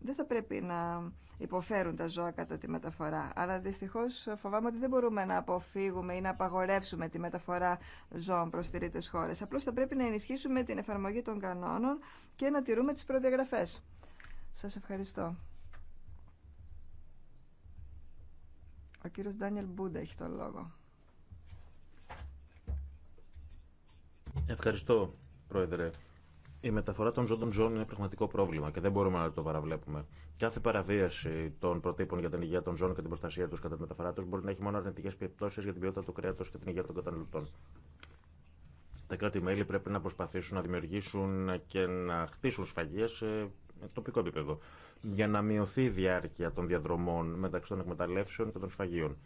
Δεν θα πρέπει να υποφέρουν τα ζώα κατά τη μεταφορά, αλλά δυστυχώς φοβάμαι ότι δεν μπορούμε να αποφύγουμε ή να απαγορεύσουμε τη μεταφορά ζώων προς τρίτε χώρες. Απλώ θα πρέπει να ενισχύσουμε την εφαρμογή των κανόνων και να τηρούμε τις προδιαγραφές. Σας ευχαριστώ. Ο κύριος Ντάνιελ Μπούντα έχει τον λόγο. Ευχαριστώ, Πρόεδρε. Η μεταφορά των ζώντων ζώων είναι πραγματικό πρόβλημα και δεν μπορούμε να το παραβλέπουμε. Κάθε παραβίαση των προτύπων για την υγεία των ζώων και την προστασία του κατά τη μεταφορά του μπορεί να έχει μόνο αρνητικέ επιπτώσει για την ποιότητα του κρέατο και την υγεία των καταναλωτών. Τα κράτη-μέλη πρέπει να προσπαθήσουν να δημιουργήσουν και να χτίσουν σφαγεία σε τοπικό επίπεδο για να μειωθεί η διάρκεια των διαδρομών μεταξύ των εκμεταλλεύσεων και των σφαγείων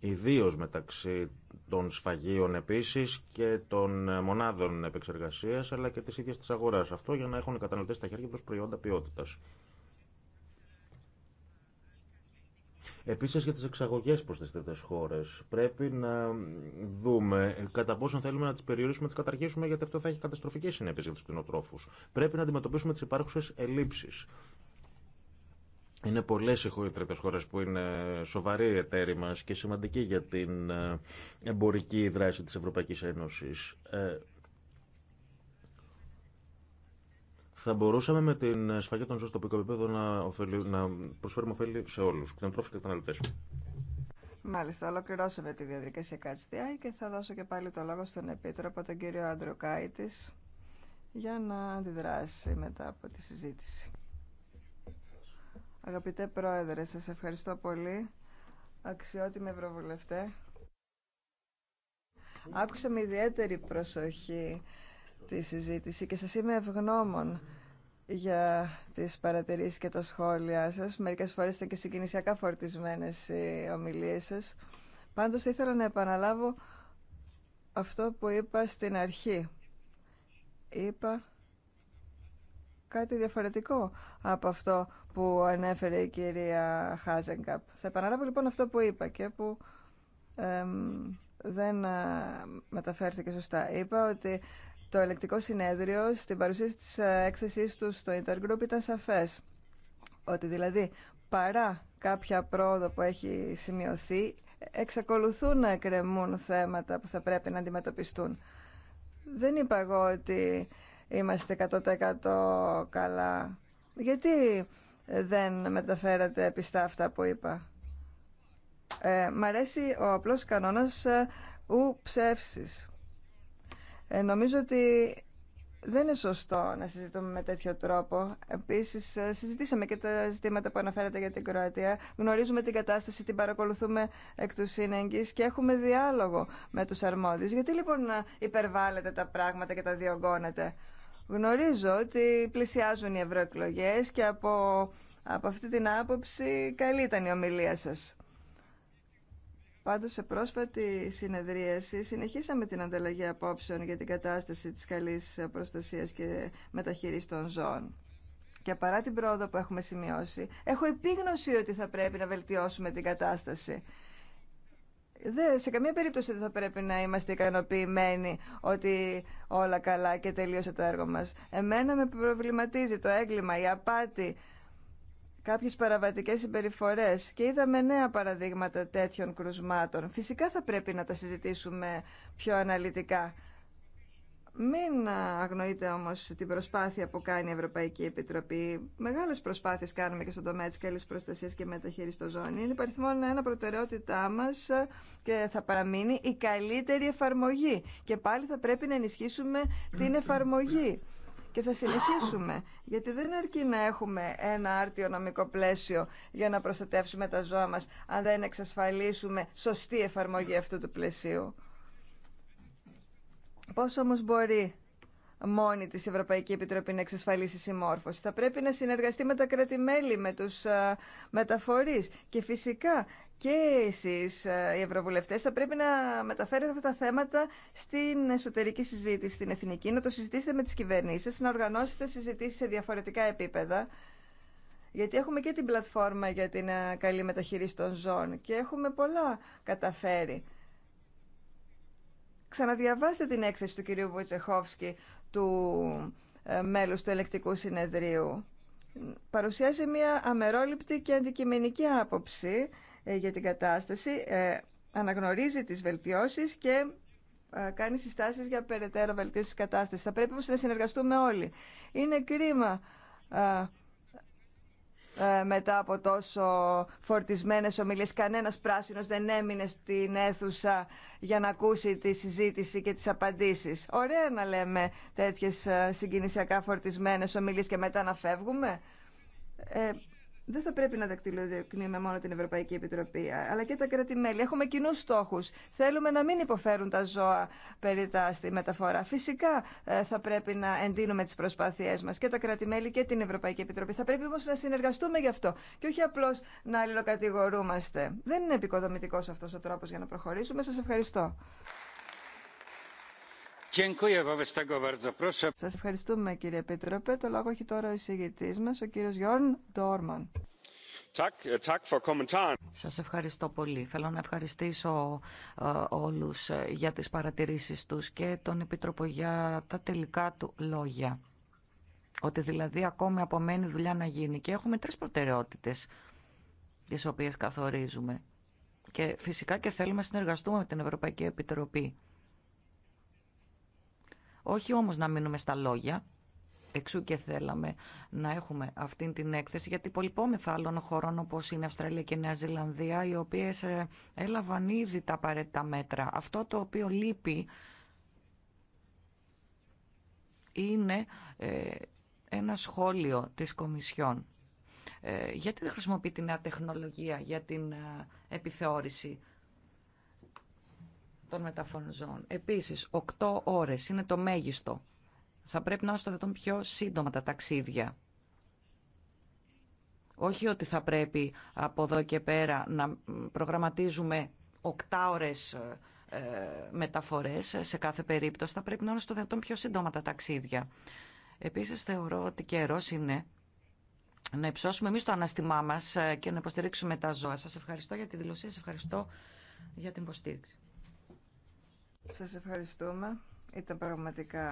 ιδίω μεταξύ των σφαγείων επίσης και των μονάδων επεξεργασίας αλλά και τη ίδια τη αγορά Αυτό για να έχουν οι καταναλωτές στα χέρια του προϊόντα ποιότητα. Επίσης για τις εξαγωγές προς τις τέτοιες χώρες πρέπει να δούμε κατά πόσο θέλουμε να τις περιορίσουμε, να τις καταργήσουμε γιατί αυτό θα έχει καταστροφικές συνέπειες για του Πρέπει να αντιμετωπίσουμε τις υπάρχουσες ελλείψεις. Είναι πολλέ οι τρίτε χώρε που είναι σοβαροί εταίροι μα και σημαντικοί για την ε, εμπορική δράση τη Ευρωπαϊκή Ένωση. Ε, θα μπορούσαμε με την σφαγή των ζώων στο τοπικό επίπεδο να, να προσφέρουμε ωφέλη σε όλου, κτηνοτρόφου και καταναλωτέ. Μάλιστα, ολοκληρώσαμε τη διαδικασία ΚΑΤΣΤΙΑΙ και θα δώσω και πάλι το λόγο στον Επίτροπο, τον κύριο Αντροκάητη, για να αντιδράσει μετά από τη συζήτηση. Αγαπητέ Πρόεδρε, σας ευχαριστώ πολύ. Αξιότιμη Ευρωβουλευτέ. Άκουσα με ιδιαίτερη προσοχή τη συζήτηση και σας είμαι ευγνώμων για τις παρατηρήσεις και τα σχόλια σας. Μερικές φορές ήταν και συγκινησιακά φορτισμένες οι ομιλίες σας. Πάντως ήθελα να επαναλάβω αυτό που είπα στην αρχή. Είπα κάτι διαφορετικό από αυτό που ανέφερε η κυρία Χάζενκαπ. Θα επαναλάβω λοιπόν αυτό που είπα και που δεν ε, μεταφέρθηκε σωστά. Είπα ότι το ελεκτικό συνέδριο στην παρουσίαση της ε, έκθεσής του στο Intergroup ήταν σαφές. Ότι δηλαδή παρά κάποια πρόοδο που έχει σημειωθεί, εξακολουθούν να εκκρεμούν θέματα που θα πρέπει να αντιμετωπιστούν. Δεν είπα εγώ ότι είμαστε 100% καλά. Γιατί δεν μεταφέρατε πιστά αυτά που είπα. Ε, μ' αρέσει ο απλός κανόνας ε, ου ψεύσης. Ε, νομίζω ότι δεν είναι σωστό να συζητούμε με τέτοιο τρόπο. Επίση, ε, συζητήσαμε και τα ζητήματα που αναφέρατε για την Κροατία. Γνωρίζουμε την κατάσταση, την παρακολουθούμε εκ του σύνεγγυ και έχουμε διάλογο με του αρμόδιου. Γιατί λοιπόν να ε, υπερβάλλετε τα πράγματα και τα διωγγώνετε. Γνωρίζω ότι πλησιάζουν οι ευρωεκλογέ και από, από αυτή την άποψη καλή ήταν η ομιλία σας. Πάντως σε πρόσφατη συνεδρίαση συνεχίσαμε την ανταλλαγή απόψεων για την κατάσταση της καλής προστασίας και μεταχειρίστων των ζώων. Και παρά την πρόοδο που έχουμε σημειώσει, έχω επίγνωση ότι θα πρέπει να βελτιώσουμε την κατάσταση. Δε, σε καμία περίπτωση δεν θα πρέπει να είμαστε ικανοποιημένοι ότι όλα καλά και τελείωσε το έργο μας. Εμένα με προβληματίζει το έγκλημα, η απάτη, κάποιες παραβατικές συμπεριφορές και είδαμε νέα παραδείγματα τέτοιων κρουσμάτων. Φυσικά θα πρέπει να τα συζητήσουμε πιο αναλυτικά. Μην αγνοείτε όμως την προσπάθεια που κάνει η Ευρωπαϊκή Επιτροπή. Μεγάλες προσπάθειες κάνουμε και στον τομέα τη καλή προστασία και μεταχείρισης ζώνη. Είναι υπαριθμόν ένα προτεραιότητά μας και θα παραμείνει η καλύτερη εφαρμογή. Και πάλι θα πρέπει να ενισχύσουμε την εφαρμογή. Και θα συνεχίσουμε, γιατί δεν αρκεί να έχουμε ένα άρτιο νομικό πλαίσιο για να προστατεύσουμε τα ζώα μας, αν δεν εξασφαλίσουμε σωστή εφαρμογή αυτού του πλαισίου. Πώς όμως μπορεί μόνη της Ευρωπαϊκή Επιτροπή να εξασφαλίσει συμμόρφωση. Θα πρέπει να συνεργαστεί με τα κρατη με τους ε, μεταφορείς. Και φυσικά και εσείς ε, οι ευρωβουλευτές θα πρέπει να μεταφέρετε αυτά τα θέματα στην εσωτερική συζήτηση, στην εθνική, να το συζητήσετε με τις κυβερνήσεις, να οργανώσετε συζητήσεις σε διαφορετικά επίπεδα. Γιατί έχουμε και την πλατφόρμα για την ε, καλή μεταχείριση των ζώων και έχουμε πολλά καταφέρει. Ξαναδιαβάστε την έκθεση του κυρίου Βοητσεχόφσκι, του ε, μέλους του ελεκτικού συνεδρίου. Παρουσιάζει μια αμερόληπτη και αντικειμενική άποψη ε, για την κατάσταση, ε, αναγνωρίζει τις βελτιώσεις και κάνει συστάσεις για περαιτέρω βελτίωση της κατάστασης. Θα πρέπει όμως να συνεργαστούμε όλοι. Είναι κρίμα ε, μετά από τόσο φορτισμένες ομιλίες. Κανένας πράσινος δεν έμεινε στην αίθουσα για να ακούσει τη συζήτηση και τις απαντήσεις. Ωραία να λέμε τέτοιες ε, συγκινησιακά φορτισμένες ομιλίες και μετά να φεύγουμε. Ε, δεν θα πρέπει να δακτυλοδεικνύουμε μόνο την Ευρωπαϊκή Επιτροπή, αλλά και τα κράτη-μέλη. Έχουμε κοινού στόχου. Θέλουμε να μην υποφέρουν τα ζώα περί τα στη μεταφορά. Φυσικά ε, θα πρέπει να εντείνουμε τι προσπάθειέ μα και τα κράτη-μέλη και την Ευρωπαϊκή Επιτροπή. Θα πρέπει όμω να συνεργαστούμε γι' αυτό και όχι απλώ να αλληλοκατηγορούμαστε. Δεν είναι επικοδομητικό αυτό ο τρόπο για να προχωρήσουμε. Σα ευχαριστώ. Σας ευχαριστούμε κύριε Επίτροπε. Το λόγο έχει τώρα ο εισηγητής μας, ο κύριος Γιώργο Ντόρμαν. Ε, Σας ευχαριστώ πολύ. Θέλω να ευχαριστήσω ε, όλους ε, για τις παρατηρήσεις τους και τον Επίτροπο για τα τελικά του λόγια. Ότι δηλαδή ακόμη απομένει δουλειά να γίνει. Και έχουμε τρεις προτεραιότητες τις οποίες καθορίζουμε. Και φυσικά και θέλουμε να συνεργαστούμε με την Ευρωπαϊκή Επιτροπή όχι όμως να μείνουμε στα λόγια, εξού και θέλαμε να έχουμε αυτή την έκθεση, γιατί υπολοιπόμεθα άλλων χωρών όπως είναι Αυστραλία και Νέα Ζηλανδία, οι οποίες ε, έλαβαν ήδη τα απαραίτητα μέτρα. Αυτό το οποίο λείπει είναι ε, ένα σχόλιο της Κομισιόν. Ε, γιατί δεν χρησιμοποιεί τη νέα τεχνολογία για την επιθεώρηση των μεταφορών. Επίσης, 8 ώρες είναι το μέγιστο. Θα πρέπει να είναι στο πιο σύντομα τα ταξίδια. Όχι ότι θα πρέπει από εδώ και πέρα να προγραμματίζουμε 8 ώρες ε, μεταφορέ σε κάθε περίπτωση. Θα πρέπει να είναι στο πιο σύντομα τα ταξίδια. Επίση θεωρώ ότι καιρό είναι να υψώσουμε εμεί το αναστημά μα ε, και να υποστηρίξουμε τα ζώα. Σα ευχαριστώ για τη δηλωσία, σα ευχαριστώ για την υποστήριξη. Σας ευχαριστούμε. Ήταν πραγματικά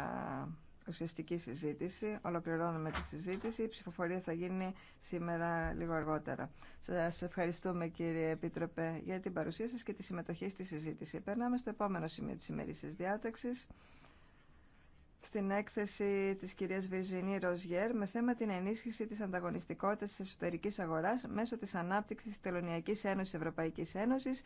ουσιαστική συζήτηση. Ολοκληρώνουμε τη συζήτηση. Η ψηφοφορία θα γίνει σήμερα λίγο αργότερα. Σας ευχαριστούμε κύριε Επίτροπε για την παρουσία σας και τη συμμετοχή στη συζήτηση. Περνάμε στο επόμενο σημείο της σημερινή διάταξη. στην έκθεση της κυρίας Βιρζινή Ροζιέρ με θέμα την ενίσχυση της ανταγωνιστικότητας τη εσωτερικής αγοράς μέσω της ανάπτυξης της Τελωνιακή Ένωσης Ευρωπαϊκής Ένωσης